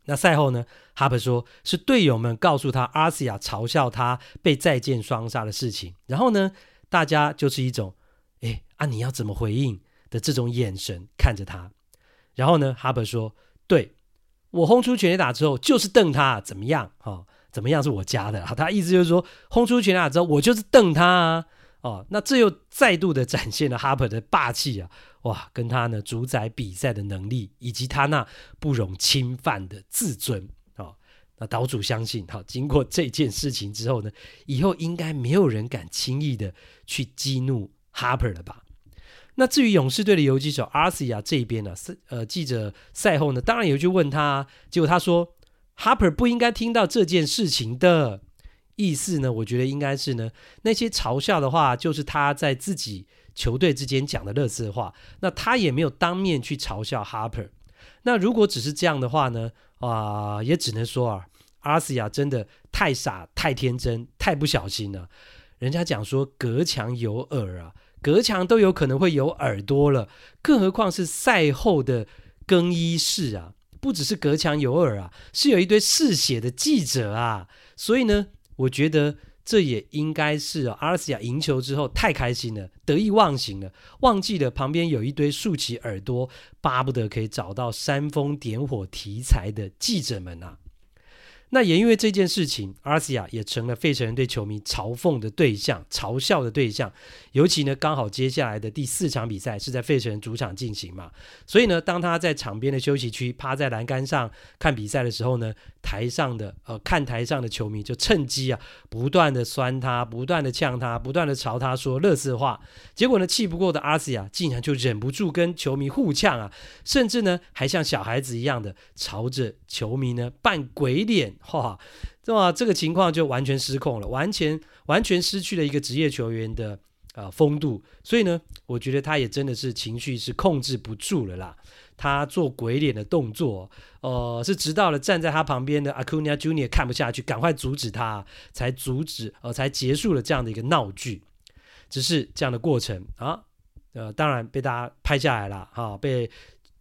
Speaker 1: 那賽後呢，哈波說是隊友們告訴他，阿西亞嘲笑他被再見雙殺的事情。然後呢，大家就是一種“哎，啊，你要怎麼回應”的這種眼神看着他。然後呢，哈波說：“對我轟出全壘打之後，就是瞪他，怎麼樣？哦，怎麼樣是我加的、啊？他意思就是說，轟出全壘打之後，我就是瞪他、啊、哦。那這又再度的展現了哈波的霸氣啊。”哇，跟他呢主宰比賽的能力，以及他那不容侵犯的自尊啊、哦！那島主相信，好、哦，經過這件事情之後呢，以後應該沒有人敢輕易的去激怒 Harper 了吧？那至於勇士隊的游擊手阿西亞啊，這邊呢，呃記者賽後呢，當然也去問他，結果他說 Harper 不應該聽到這件事情的意思呢，我覺得應該是呢那些嘲笑的話，就是他在自己。球隊之間講的垃圾話，那他也沒有當面去嘲笑 Harper。那如果只是這樣的話呢？啊，也只能說啊，阿斯亞真的太傻、太天真、太不小心了。人家講說隔牆有耳啊，隔牆都有可能會有耳朵了，更何況是賽後的更衣室啊？不只是隔牆有耳啊，是有一堆嗜血的記者啊。所以呢，我覺得。這也應該是阿西亞贏球之後太開心了，得意忘形了，忘記了旁邊有一堆豎起耳朵、巴不得可以找到煽風點火題材的記者們啊！那也因為這件事情，阿西亞也成了費城人隊球迷嘲諷的對象、嘲笑的對象。尤其呢，剛好接下來的第四場比賽是在費城人主場進行嘛，所以呢，當他在場邊的休息區趴在欄杆上看比賽的時候呢。台上的呃，看台上的球迷就趁機啊，不斷的酸他，不斷的嗆他，不斷的朝他說樂色話。結果呢，氣不過的阿西亞、啊、竟然就忍不住跟球迷互嗆啊，甚至呢，還像小孩子一樣的朝着球迷呢扮鬼臉，哈哈。那麼這個情況就完全失控了，完全完全失去了一個職業球員的呃風度。所以呢，我覺得他也真的是情緒是控制不住了啦。他做鬼臉的動作，呃，是直到了站在他旁邊的阿庫尼亞 Junior 看不下去，趕快阻止他，才阻止，呃，才結束了這樣的一個鬧劇。只是這樣的過程啊，呃，當然被大家拍下來了啊，被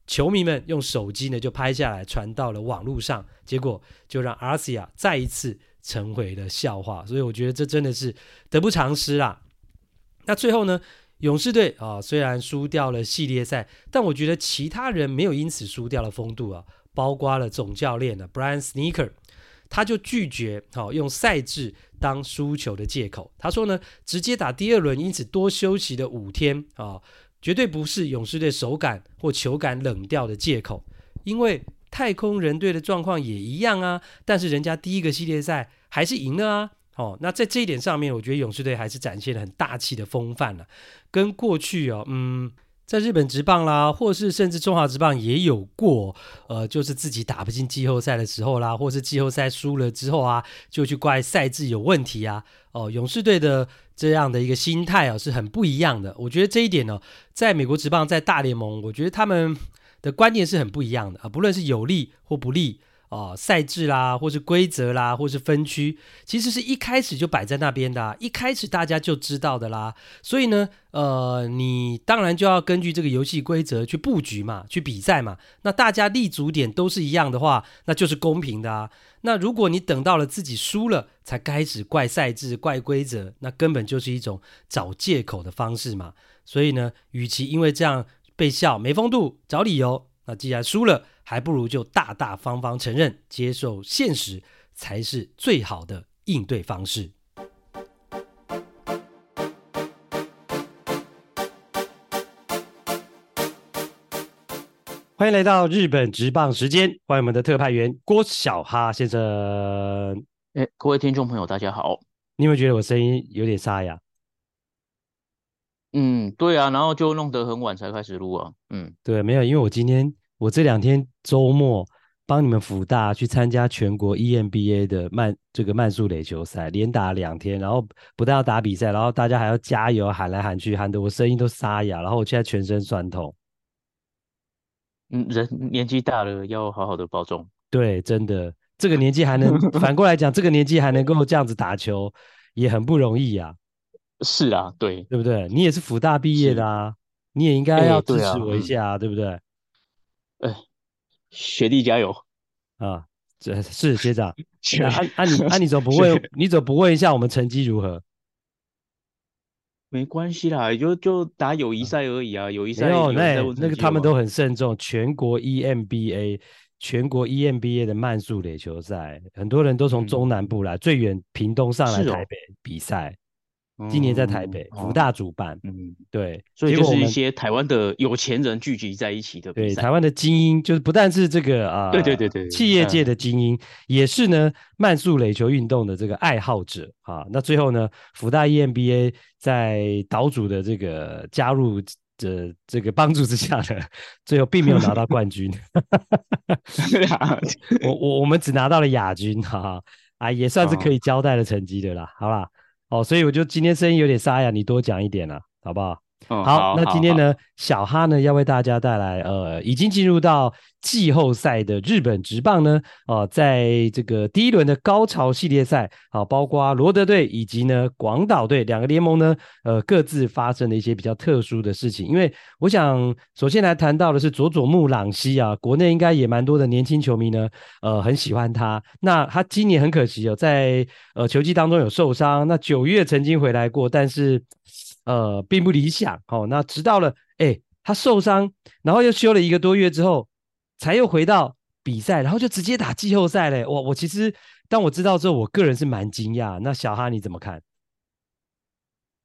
Speaker 1: 球迷們用手機呢就拍下來，傳到了網絡上，結果就讓阿西亞再一次成為了笑話。所以我覺得這真的是得不償失啦。那最後呢，勇士隊啊，雖然輸掉了系列賽，但我覺得其他人沒有因此輸掉了風度啊，包括了總教練的、啊、Brian Snitker 他就拒絕好、啊、用賽制當輸球的借口。他說呢，直接打第二輪，因此多休息的五天啊，絕對不是勇士隊手感或球感冷掉的借口。因為太空人隊的狀況也一樣啊，但是人家第一個系列賽還是贏了啊。哦，那在這一點上面，我覺得勇士隊還是展現了很大氣的風範啊。跟過去啊、哦，嗯，在日本職棒啦，或是甚至中華職棒也有過，呃，就是自己打不進季後賽的時候啦，或是季後賽輸了之後啊，就去怪賽制有問題啊，哦，勇士隊的這樣的一個心態啊，是很不一樣的。我覺得這一點呢、哦，在美國職棒，在大聯盟，我覺得他們的觀念是很不一樣的啊，不論是有利或不利。哦，賽制啦，或是規則啦，或是分區，其實是一開始就擺在那邊的啊，一開始大家就知道的啦。所以呢，呃，你當然就要根據這個遊戲規則去布局嘛，去比賽嘛。那大家立足點都是一樣的話，那就是公平的啊。那如果你等到了自己輸了才開始怪賽制、怪規則，那根本就是一種找借口的方式嘛。所以呢，與其因為這樣被笑沒風度、找理由，那既然輸了。還不如就大大方方承認、接受現實，才是最好的應對方式。歡迎來到日本職棒時間，歡迎我們的特派員郭小哈先生。哎，各位聽眾朋友，大家好。你有沒有覺得我聲音有點沙啞？
Speaker 2: 嗯，對啊，然後就弄得很晚才開始錄啊。嗯，
Speaker 1: 對，沒有，因為我今天。我這兩天周末幫你們輔大去參加全國 EMBA 的慢這個慢速壘球賽，連打兩天，然後不但要打比賽，然後大家還要加油喊來喊去，喊得我聲音都沙啞，然後我現在全身酸痛。
Speaker 2: 嗯，人年紀大了，要好好的保重。
Speaker 1: 對，真的，這個年紀還能 反過來講，這個年紀還能跟我這樣子打球，也很不容易呀、啊。
Speaker 2: 是啊，對，
Speaker 1: 對不對？你也是輔大畢業的啊，你也應該要、欸對啊、支持我一下、
Speaker 2: 啊，對不對？哎，學弟加油啊！這
Speaker 1: 是學長，那、 欸啊、你那、啊、你怎麼不問，你怎麼不問一下我們成績如何？
Speaker 2: 沒關係啦，就就打友誼賽而已啊！友誼賽，那有那個他們都很
Speaker 1: 慎重。全國 EMBA，全國 EMBA 的慢速壘球賽，很多人都從中南部來，嗯、最遠屏東上來台北、哦、
Speaker 2: 比賽。今年在台北、嗯、福大主辦、哦，嗯，對，所以就是一些台灣的有錢人聚集在一起的比賽，對，台灣的
Speaker 1: 精英就是不但是這個啊，呃、對，對對對對，企業界的精英，啊、也是呢慢速壘球運動的這個愛好者啊。那最後呢，福大 EMBA 在島主的這個加入的這個幫助之下呢，最後並沒有拿到冠軍，哈哈哈哈哈，啊，我我我們只拿到了亞軍，哈、啊、哈啊，也算是可以交代的成績對吧？好啦。哦，所以我就今天聲音有點沙啞，你多講一點啊，好不好？
Speaker 2: 嗯、好，好，那今天
Speaker 1: 呢，好好小哈呢要為大家帶來，呃，已經進入到季後賽的日本職棒呢，哦、呃，在這個第一輪的高潮系列賽，啊、呃，包括羅德隊以及呢廣島隊兩個聯盟呢，呃，各自發生了一些比較特殊的事情。因為我想，首先來談到的是佐佐木朗希啊，國內應該也蠻多的年輕球迷呢，呃，很喜歡他。那他今年很可惜哦，在呃球季當中有受傷，那九月曾經回來過，但是。呃，並不理想。哦。那直到了，哎、欸，他受傷，然後又休了一個多月之後，才又回到比賽，然後就直接打季後賽嘞。我我其實，當我知
Speaker 2: 道之後，我個人是蠻驚訝。那小哈你怎麼看？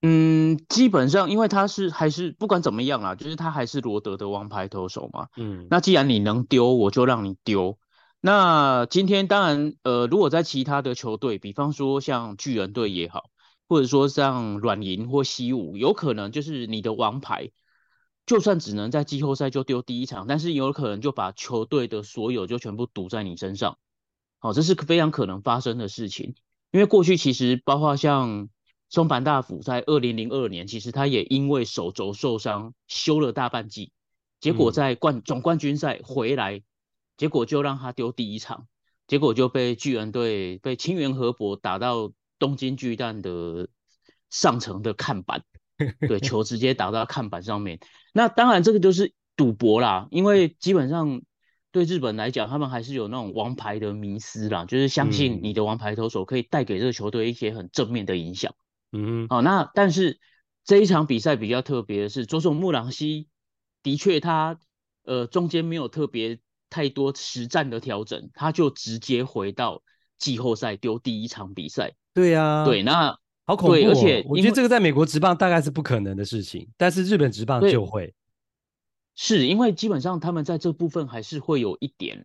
Speaker 2: 嗯，基本上，因為他是還是不管怎麼樣啦，就是他還是羅德的王牌投手嘛。嗯，那既然你能丟，我就讓你丟。那今天當然，呃，如果在其他的球隊，比方說像巨人隊也好。或者說像軟銀或西武，有可能就是你的王牌，就算只能在季後賽就丟第一場，但是有可能就把球隊的所有就全部賭在你身上，好、哦，這是非常可能發生的事情。因為過去其實包括像松坂大輔，在二零零二年，其實他也因為手肘受傷休了大半季，結果在冠、嗯、總冠軍賽回來，結果就讓他丟第一場，結果就被巨人隊被清原和博打到。中間巨蛋的上層的看板 對，對球直接打到看板上面。那當然，這個就是賭博啦，因為基本上對日本來講，他們還是有那種王牌的迷思啦，就是相信你的王牌投手可以帶給這個球隊一些很正面的影響。嗯，好、哦，那但是這一場比賽比較特別的是，佐佐木朗希的確，他呃中間沒有特別太多實戰的調整，他就直接回到季後賽丟第一場比賽。對呀、啊，對，那好恐怖、哦，對。而且因為我覺得這
Speaker 1: 個在美國職棒大概是不可能的事情，
Speaker 2: 但是日本職棒就會，是因為基本上他們在這部分還是會有一點，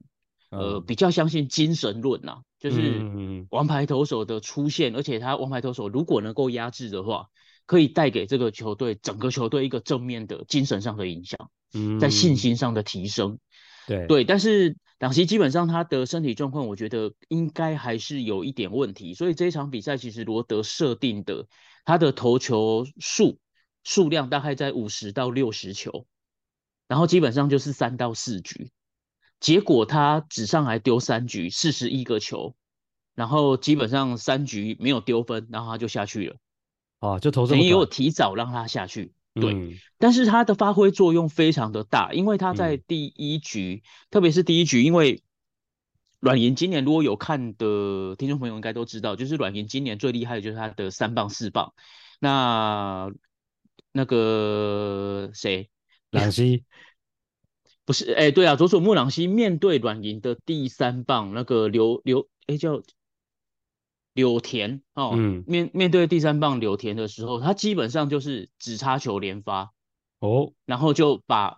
Speaker 2: 嗯、呃，比較相信精神論吶、啊，就是王牌投手的出現，嗯嗯，而且他王牌投手如果能夠壓制的話，可以帶給這個球隊整個球隊一個正面的精神上的影響、嗯，在信心上的提升。對，對，但是。朗希基本上他的身體狀況，我覺得應該還是有一點問題，所以這一場比賽其實羅德設定的他的投球數數量大概在五十到六十球，然後基本上就是三到四局，結果他只上來丟三局，四十一個球，然後基本上三局沒有丟分，然後他就下去了，啊，就投中等於我提早讓他下去。對、嗯，但是它的發揮作用非常的大，因為他在第一局，嗯、特別是第一局，因為軟銀今年如果有看的聽眾朋友應該都知道，就是軟銀今年最厲害的就是他的三棒四棒，那那個誰，蘭西， 不是，哎、欸，對啊，佐佐木朗希面對軟銀的第三棒，那個劉劉，哎、欸、叫。柳田哦，嗯、面面對第三棒柳田的時候，他基本上就是指叉球連發哦，然後就把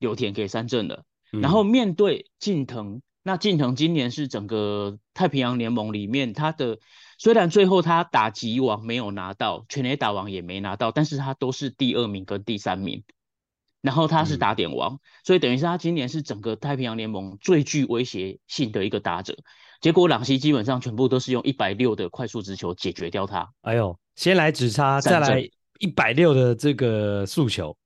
Speaker 2: 柳田給三振了、嗯。然後面對近藤，那近藤今年是整個太平洋聯盟裡面他的，雖然最後他打擊王沒有拿到，全壘打王也沒拿到，但是他都是第二名跟第三名。然後他是打點王，嗯、所以等於是他今年是整個太平洋聯盟最具威脅性的一個打者。結果朗希基本上全部都是用一百六的快速直球解決掉他。
Speaker 1: 哎呦，先來指叉，再來
Speaker 2: 一百六的這個速球。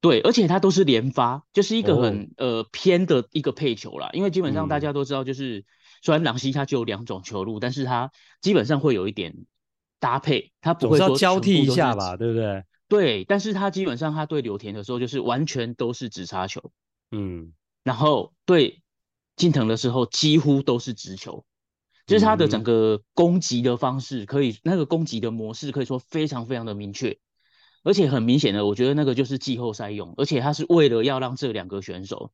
Speaker 2: 對，而且他都是連發，就是一個很、哦、呃偏的一個配球啦。因為基本上大家都知道，就是、嗯、雖然朗希他就有兩種球路，但是他基本上會有一點搭配，他不會說交替一下吧，對不對？對，但是他基本上他對柳田的時候，就是完全都是指叉球。嗯，然後對。進藤的時候幾乎都是直球，就是他的整個攻擊的方式，可以、嗯、那個攻擊的模式可以說非常非常的明確，而且很明顯的，我覺得那個就是季後賽用，而且他是為了要讓這兩個選手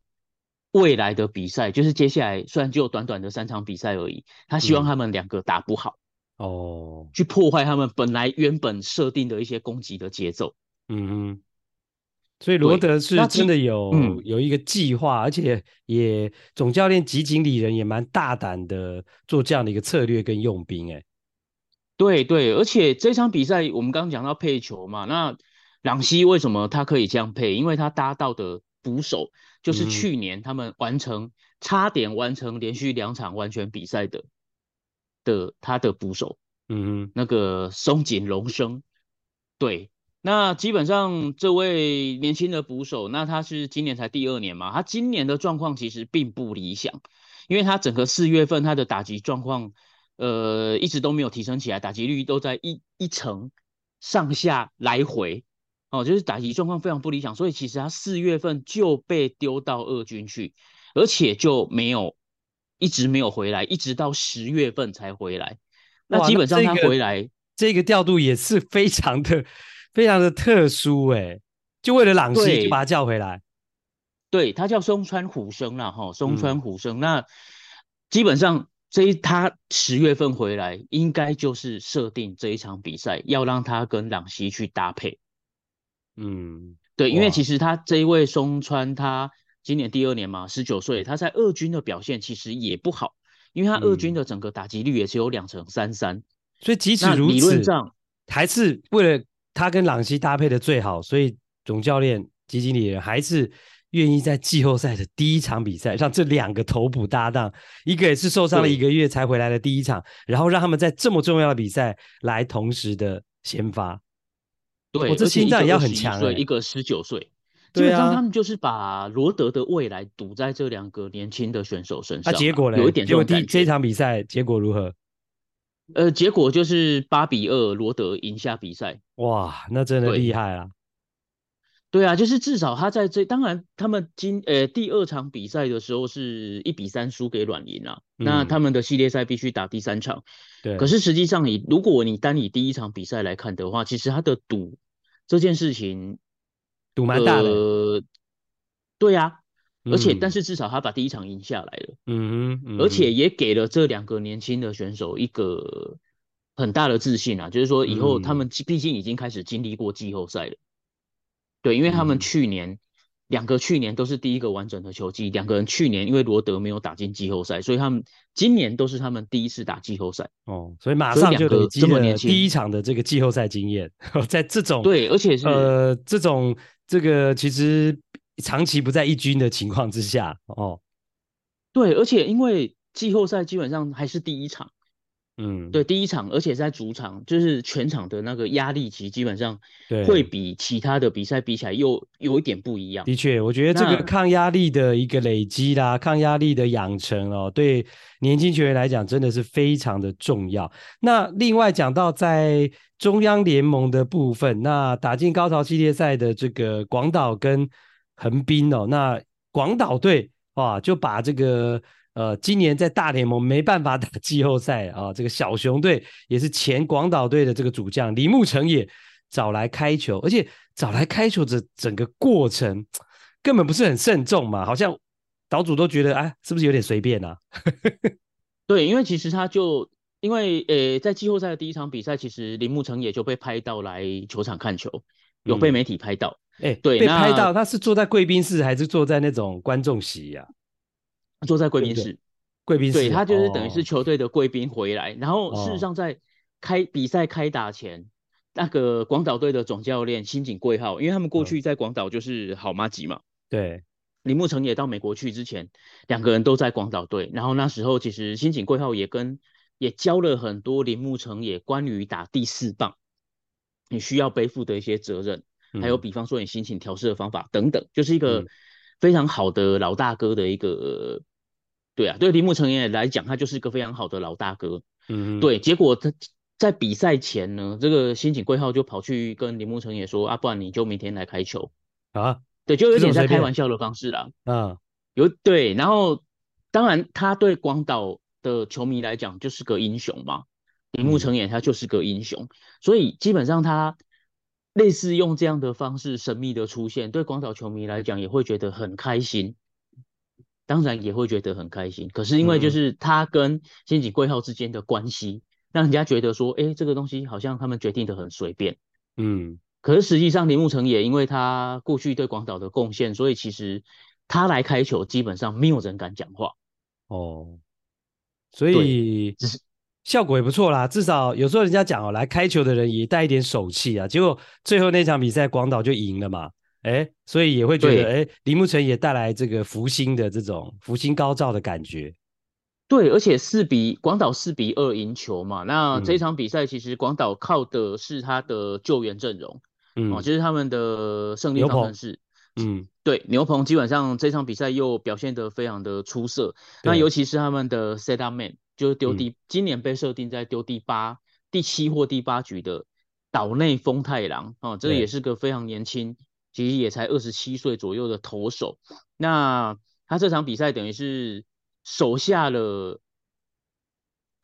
Speaker 2: 未來的比賽，就是接下來雖然只有短短的三場比賽而已，他希望他們兩個打不好哦、嗯，去破壞他們本來原本設定的一些攻擊的節奏，嗯嗯。嗯
Speaker 1: 所以羅德是真的有、嗯、有一個計劃、嗯，而且也總教練吉井理人也蠻大膽的做這樣的一個策
Speaker 2: 略跟用兵、欸，哎，對對，而且這場比賽我們剛剛講到配球嘛，那朗希為什麼他可以這樣配？因為他搭檔的捕手就是去年他們完成、嗯、差點完成連續兩場完全比賽的的他的捕手，嗯嗯，那個松井隆生，對。那基本上這位年輕的捕手，那他是今年才第二年嘛？他今年的狀況其實並不理想，因為他整個四月份他的打擊狀況，呃，一直都沒有提升起來，打擊率都在一一成上下來回，哦，就是打擊狀況非常不理想，所以其實他四月份就被丟到二軍去，而且就沒有一直沒有回來，一直到十月份才回來。那基本上他回來這
Speaker 1: 個、這個調度也是非常的。
Speaker 2: 非常的特殊哎、欸，就為了朗希把他叫回來，對他叫松川虎生了哈，松川虎生、嗯、那基本上這一他十月份回來，應該就是設定這一場比賽要讓他跟朗希去搭配。嗯，對，因為其實他這一位松川他今年第二年嘛，十九歲，他在二軍的表現其實也不好，因為他二軍的整個打擊率也只有兩成三三，所以即使如此，理論上還是為了。他跟
Speaker 1: 朗希搭配的最好，所以總教練及經理人還是願意在季後賽的第一場比賽讓這兩個投捕搭檔，一個也是受傷了一個月才回來的第一場，然後讓他們在這麼重要的比賽來同時的先發。
Speaker 2: 對，哦、這心臟要很強、欸一，一個十九歲，對啊，他們就是把羅德的未來賭在這兩個年輕的選手身上、啊。那、啊啊、結果呢？有點結果點，
Speaker 1: 這場比賽結果如何？
Speaker 2: 呃，結果就是八比二，羅德贏下比賽。哇，那真的厲害啊對！對啊，就是至少他在這，當然他們今呃第二場比賽的時候是一比三輸給阮瑩軟銀了。那他們的系列賽必須打第三場。對，可是實際上你如果你單以第一場比賽來看的話，其實他的賭這件事情賭蠻大的。呃、對呀、啊。而且，但是至少他把第一場贏下來了。嗯嗯，而且也給了這兩個年輕的選手一個很大的自信啊，就是說以後他們畢竟已經開始經歷過季後賽了。對，因為他們去年兩個去年都是第一個完整的球季，兩個人去年因為羅德沒有打進季後賽，所以他們今年都是他們第一次打季後賽。哦，所以馬上就得這麼年輕第一場的這個季後賽經驗，在這種
Speaker 1: 對，而且是呃這種這個其實長期不在一軍的情況之下哦，
Speaker 2: 對，而且因為季後賽基本上還是第一場，嗯，對，第一場，而且在主場，就是全場的那個壓力，其實基本上會比其他的比賽比起來又有一點不一樣。的
Speaker 1: 確，我覺得這個抗壓力的一個累積啦，抗壓力的養成哦，對年輕球員來講真的是非常的重要。那另外講到在中央聯盟的部分，那打進高潮系列賽的這個廣島跟橫濱哦，那廣島隊啊，就把這個呃，今年在大聯盟沒辦法打季後賽啊，這個小熊隊也是前廣島隊的這個主將鈴木誠也找來開球，而且找來開球的整個過程根本不是很慎重嘛，好像島主都覺得哎，是不是有點隨便啊？
Speaker 2: 對，因為其實他就因為呃，在季後賽的第一場比賽，其實鈴木誠也就被拍到來球場看球，有被媒體拍到。嗯哎、欸，對，被拍到
Speaker 1: 他是坐在貴賓室還是坐在那種觀眾席呀？
Speaker 2: 啊，坐
Speaker 1: 在貴賓室，貴賓
Speaker 2: 室。對，對，對，貴賓室，對，他就是等於是球隊的貴賓回來。哦。然後事實上，在開比賽開打前，哦，那個廣島隊的總教練新井貴浩，因為他們過去在廣島就是好麻吉嘛。對，鈴木誠也到美國去之前，兩個人都在廣島隊。然後那時候其實新井貴浩也跟也教了很多鈴木誠也關於打第四棒，你需要背負的一些責任。還有，比方說你心情調試的方法等等，就是一個非常好的老大哥的一個對啊，對鈴木誠也來講，他就是一個非常好的老大哥。嗯，對。結果他在比賽前呢，這個新井貴浩就跑去跟鈴木誠也說：“啊，不然你就明天來開球啊。”對，就有點在開玩笑的方式啦。嗯，有對。然後，當然他對廣島的球迷來講就是個英雄嘛，鈴木誠也他就是個英雄，所以基本上他。類似用這樣的方式神祕的出現，對廣島球迷來講也會覺得很開心，當然也會覺得很開心。可是因為就是他跟新井貴浩之間的關係、嗯，讓人家覺得說，哎、欸，這個東西好像他們決定得很隨便。嗯，可是實際上鈴木誠也，因為他過去對廣島的貢獻，所以其實他來開球基本上沒有人敢講話。哦，所以。
Speaker 1: 效果也不錯啦，至少有時候人家講哦、喔，來開球的人也帶一點手氣啊。結果最後那場比賽廣島就贏了嘛，哎、欸，所以也會覺得誒、欸、林木城也帶來這個福星的這種福星高照的感覺。
Speaker 2: 對，而且四比廣島四比二贏球嘛，那這場比賽其實廣島靠的是他的救援陣容，嗯、啊，就是他們的勝利方程式，嗯，對，牛棚基本上這場比賽又表現的非常的出色，那尤其是他們的 setup man。就是丟第、嗯，今年被設定在丟第八、第七或第八局的島內豐太郎啊，這也是個非常年輕，嗯、其實也才二十七歲左右的投手。那他這場比賽等於是手下守下了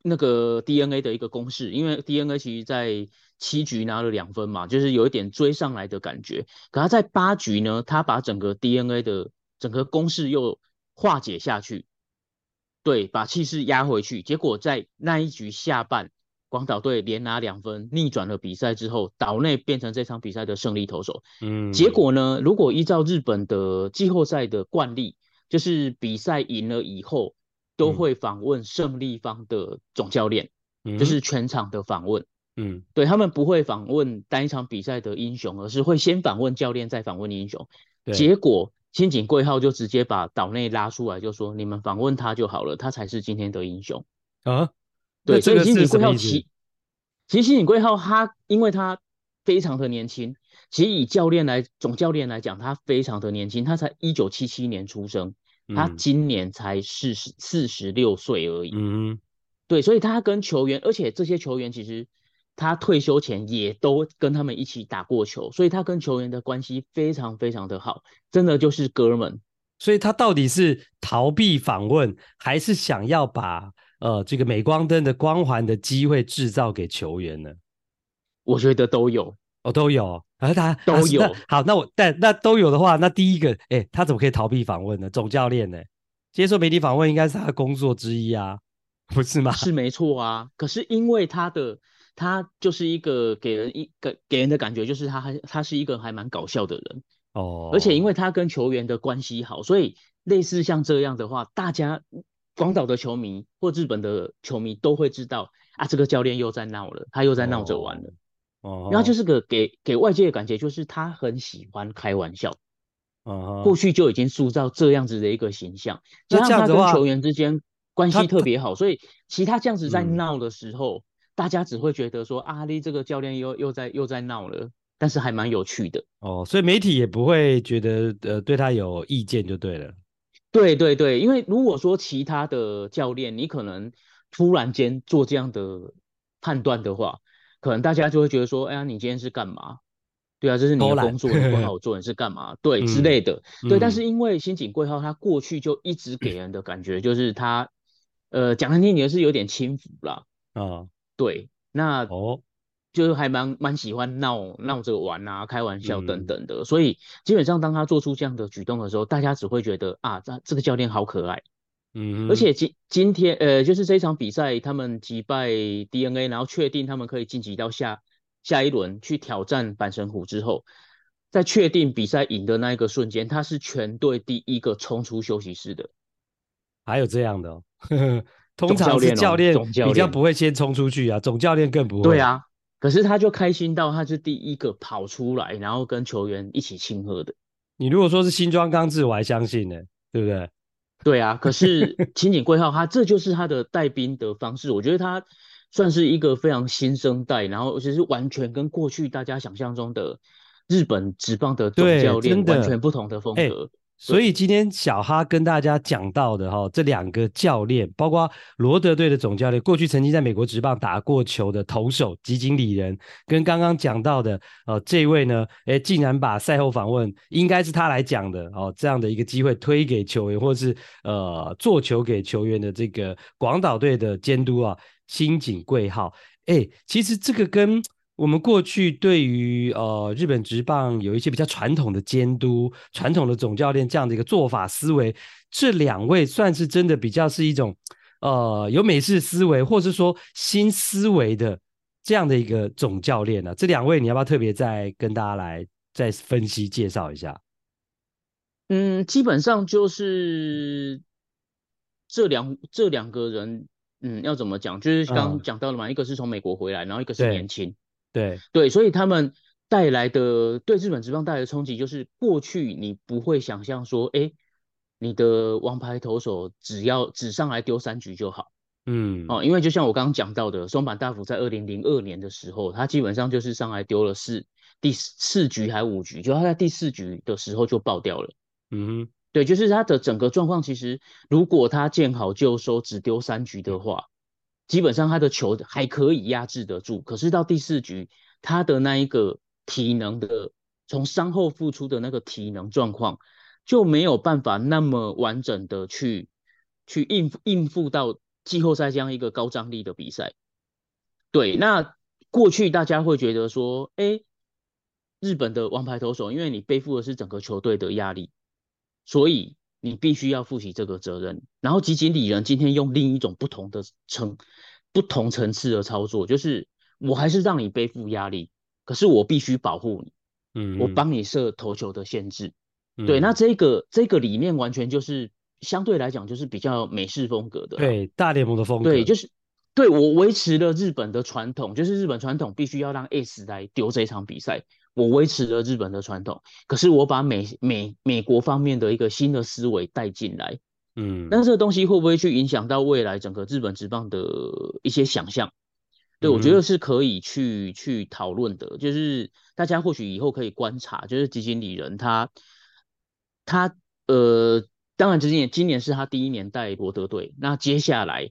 Speaker 2: 那個 DNA 的一個攻勢，因為 DNA 其實在七局拿了兩分嘛，就是有一點追上來的感覺。可他在八局呢，他把整個 DNA 的整個攻勢又化解下去。對，把氣勢壓回去。結果在那一局下半，廣島隊連拿兩分，逆轉了比賽之後，島內變成這場比賽的勝利投手。嗯，結果呢，如果依照日本的季後賽的慣例，就是比賽贏了以後，都會訪問勝利方的總教練，嗯、就是全場的訪問。嗯，對，他們不會訪問單一場比賽的英雄，而是會先訪問教練，再訪問英雄。結果，新井貴浩就直接把島內拉出來，就說，你們訪問他就好了，他才是今天的英雄
Speaker 1: 啊。對，所以新井貴浩其
Speaker 2: 其實新井貴浩他因為他非常的年輕，其實以教練來總教練來講，他非常的年輕，他才一九七七年出生，他今年才四十四十六歲而已。嗯，對，所以他跟球員，而且這些球員其實。他退休前也都跟他們一起打過球，所以他跟球員的關係非常非常的好，真的就是哥們。所以，他到底
Speaker 1: 是逃避訪問，還是想要把呃這個鎂光燈的光環的機會製造給球員呢？我覺得都有，我、哦、都有，而、
Speaker 2: 啊、他都有、啊。
Speaker 1: 好，那我但那都有的話，那第一個，哎、欸，他怎麼可以逃避訪問呢？總教
Speaker 2: 練呢，接受媒體訪問應該是他的工作之一啊，不是嗎？是沒錯啊，可是因為他的。他就是一個給人一個給人的感覺，就是他還他是一個還蠻搞笑的人哦。而且因為他跟球員的關係好，所以類似像這樣的話，大家廣島的球迷或日本的球迷都會知道啊，這個教練又在鬧了，他又在鬧着玩了哦。然後就是個給給外界的感覺，就是他很喜歡開玩笑哦。過去就已經塑造這樣子的一個形象，加上他跟球員之間關係特別好，所以其他這樣子在鬧的時候，大家只會覺得說阿里、啊、這個教練又又在又在鬧了，但是還蠻
Speaker 1: 有趣的哦，所以媒體也不會覺得呃對他有意見就對了。
Speaker 2: 對對對，因為如果說其他的教練，你可能突然間做這樣的判斷的話，可能大家就會覺得說，哎呀，你今天是幹嘛？對啊，這是你的工作，你不好做， 你是幹嘛？對、嗯、之類的。對、嗯，但是因為新井貴浩他過去就一直給人的感覺、嗯、就是他，呃，講難聽點是有點輕浮了啊。哦對，那哦，就是還蠻蠻喜歡鬧鬧着玩啊，開玩笑等等的。嗯，所以基本上當他做出這樣的舉動的時候，大家只會覺得啊，這這個教練好可愛，嗯，而且今今天呃，就是這場比賽他們擊敗 DNA，然後確定他們可以晉級到下下一輪去挑戰阪神虎之後，在確定比賽贏的那一個瞬間，他是全隊第一個衝出休息室的，還有這樣的哦。
Speaker 1: 通常是教練比較不會先
Speaker 2: 衝出去啊，總教練，哦、總教練、更不會。對啊，可是他就開心到，他是第一個跑出來，然後跟球員一起慶賀的。你如果說是新莊剛志，我還相信呢，欸，對不對？對啊，可是新井貴浩， 他這就是他的帶兵的方式。我覺得他算是一個非常新生代，然後其實完全跟過去大家想象中的日本職棒的總教練完全不同的風格。欸所以
Speaker 1: 今天小哈跟大家講到的哈、哦，這兩個教練，包括羅德隊的總教練，過去曾經在美國職棒打過球的投手及經理人，跟剛剛講到的，呃，這位呢，誒竟然把賽後訪問應該是他來講的哦，這樣的一個機會推給球員，或是呃做球給球員的這個廣島隊的監督啊，新井貴浩，誒，其實這個跟。我們過去對於呃日本職棒有一些比較傳統的監督、傳統的總教練這樣的一個做法思維，這兩位算是真的比較是一種呃有美式思維，或是說新思維的這樣的一個總教練呢、啊，這兩位你要不要特別再跟大家來再分析介紹一下？嗯，
Speaker 2: 基本上就是這兩這兩個人，嗯，要怎麼講？就是剛剛講到了嘛、嗯，一個是從美國回來，然後一個是年輕。對對，所以他們帶來的對日本職棒帶來的衝擊，就是過去你不會想象說，哎、欸，你的王牌投手只要只上來丟三局就好，嗯，哦、嗯，因為就像我剛剛講到的，松坂大輔在二零零二年的時候，他基本上就是上來丟了四第四四局還五局，就他在第四局的時候就爆掉了，嗯，對，就是他的整個狀況，其實如果他見好就收，只丟三局的話。嗯基本上他的球還可以壓制得住，可是到第四局，他的那一個體能的從傷後復出的那個體能狀況就沒有辦法那麼完整的去去應付應付到季後賽這樣一個高張力的比賽。對，那過去大家會覺得說，誒，日本的王牌投手，因為你背負的是整個球隊的壓力，所以。你必須要負起這個責任，然後吉井理人今天用另一種不同的層、不同層次的操作，就是我還是讓你背負壓力，可是我必須保護你，嗯，我幫你設投球的限制，嗯、對，那這個這個理念完全就是相對來講就是比較美式風格的，對，大聯盟的風格，對，就是對我維持了日本的傳統，就是日本傳統必須要讓 ACE 來丟這一場比賽。我維持了日本的傳統，可是我把美美美國方面的一個新的思維帶進來，嗯，那這個東西會不會去影響到未來整個日本職棒的一些想象、嗯？對，我覺得是可以去去討論的，就是大家或許以後可以觀察，就是吉井理人他他呃，當然今年今年是他第一年帶羅德隊，那接下來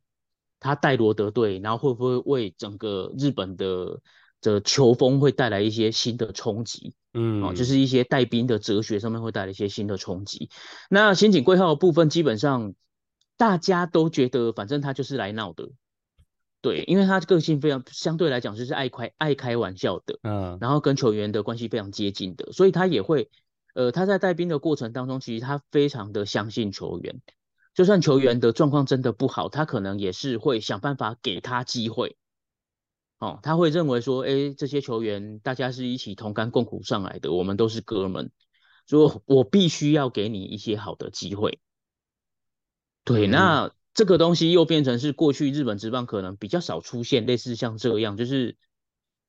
Speaker 2: 他帶羅德隊，然後會不會為整個日本的？的球風會帶來一些新的衝擊，嗯，哦，就是一些帶兵的哲學上面會帶來一些新的衝擊。那新井貴浩的部分，基本上大家都覺得，反正他就是來鬧的，對，因為他個性非常，相對來講就是愛開愛開玩笑的，嗯，然後跟球員的關係非常接近的，所以他也會，呃，他在帶兵的過程當中，其實他非常的相信球員，就算球員的狀況真的不好，他可能也是會想辦法給他機會。哦、他會認為說，哎，這些球員大家是一起同甘共苦上來的，我們都是哥們，說我必須要給你一些好的機會。對，那這個東西又變成是過去日本職棒可能比較少出現類似像這樣，就是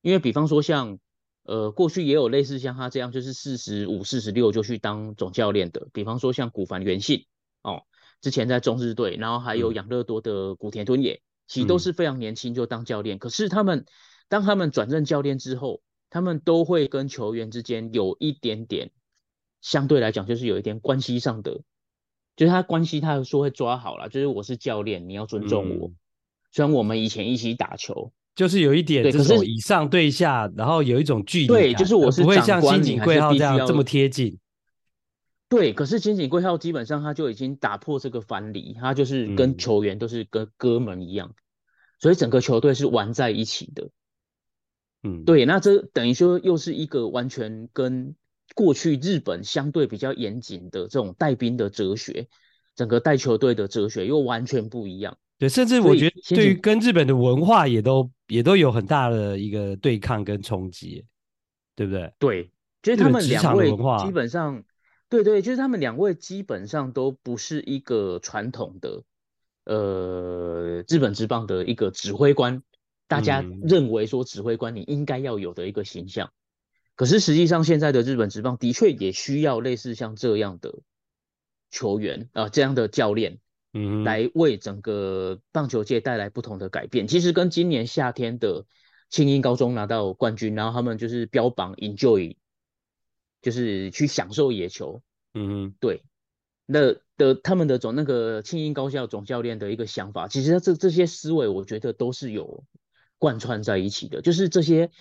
Speaker 2: 因為比方說像呃過去也有類似像他這樣，就是四十五、四十六就去當總教練的，比方說像谷繁元信哦，之前在中日隊，然後還有養樂多的古田敦也。其實都是非常年輕就當教練，嗯、可是他們當他們轉正教練之後，他們都會跟球員之間有一點點，相對來講就是有一點關係上的，就是他關係，他說會抓好了，就是我是教練，你要尊重我，嗯。雖然我們以前一起打球，
Speaker 1: 就是有一點就是我以上對下對，然後有一種距離對，就是我是長官，還是必須要這，這麼
Speaker 2: 貼近。對，可是金井圭孝基本上他就已經打破這個藩籬，他就是跟球員都是跟哥們一樣，嗯，所以整個球隊是玩在一起的。嗯，對，那這等於說又是一個完全跟過去日本相對比較嚴謹的這種帶兵的哲學，整個帶球隊的哲學又完全不一樣。對，甚至我覺得對於
Speaker 1: 跟日本的文化也都也都有很大的一個對抗跟衝擊，對不對？對，覺得他們兩個文化基
Speaker 2: 本上。對對，就是他們兩位基本上都不是一個傳統的呃日本職棒的一個指揮官，大家認為說指揮官你應該要有的一個形象，嗯、可是實際上現在的日本職棒的確也需要類似像這樣的球員啊、呃、這樣的教練，嗯，來為整個棒球界帶來不同的改變。其實跟今年夏天的青英高中拿到冠軍，然後他們就是標榜 enjoy。就是去享受野球，嗯哼，對，那的他們的總那個慶應高校總教練的一個想法，其實這這些思維，我覺得都是有貫穿在一起的。就是這些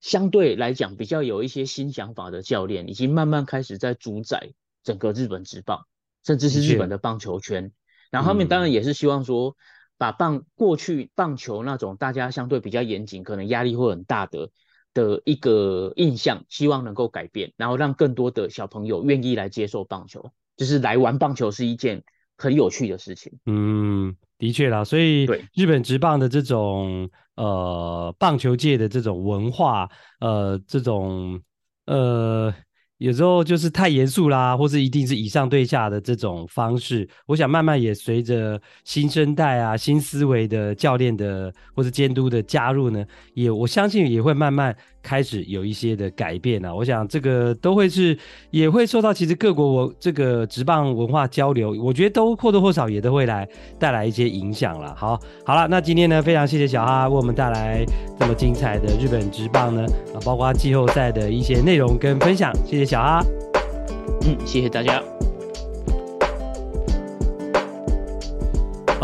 Speaker 2: 相對來講比較有一些新想法的教練，已經慢慢開始在主宰整個日本職棒，甚至是日本的棒球圈。然後他們當然也是希望說，把棒過去棒球那種大家相對比較嚴謹，可能壓力會很大的。的一個印象，希望能夠改變，然後讓更多的小朋友願意來接受棒球，就是來玩棒球是一件很有趣的事情。
Speaker 1: 嗯，的確啦，所以對日本職棒的這種呃棒球界的這種文化，呃，這種呃。有時候就是太嚴肅啦，或是一定是以上對下的這種方式。我想慢慢也隨着新生代啊、新思維的教練的或是監督的加入呢，也我相信也會慢慢。開始有一些的改變了、啊，我想這個都會是也會受到，其實各國文、這個職棒文化交流，我覺得都或多或少也都會來帶來一些影響了。好，好了，那今天呢，非常謝謝小哈為我們帶來這麼精彩的日本職棒呢，啊，包括季後賽的一些內容跟分享，謝謝小哈，嗯，謝謝大家。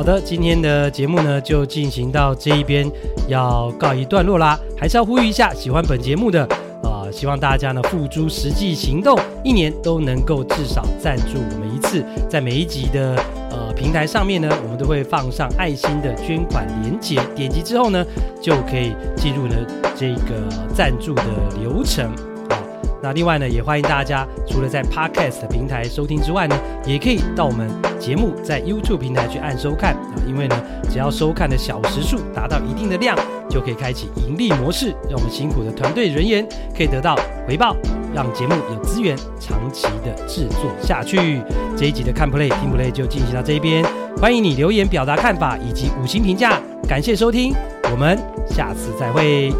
Speaker 1: 好的，今天的節目呢，就進行到這一邊，要告一段落啦。還是要呼籲一下，喜歡本節目的啊、呃，希望大家呢付諸實際行動，一年都能夠至少贊助我們一次。在每一集的呃平台上面呢，我們都會放上愛心的捐款連結，點擊之後呢，就可以進入了這個贊助的流程。那另外呢，也歡迎大家除了在 Podcast 的平台收聽之外呢，也可以到我們節目在 YouTube 平台去按收看。因為呢，只要收看的小時數達到一定的量，就可以開啟盈利模式，讓我們辛苦的團隊人員可以得到回報，讓節目有資源長期的制作下去。這一集的看 Play 聽 Play 就進行到這邊，歡迎你留言表達看法以及五星評價，感謝收聽，我們下次再會。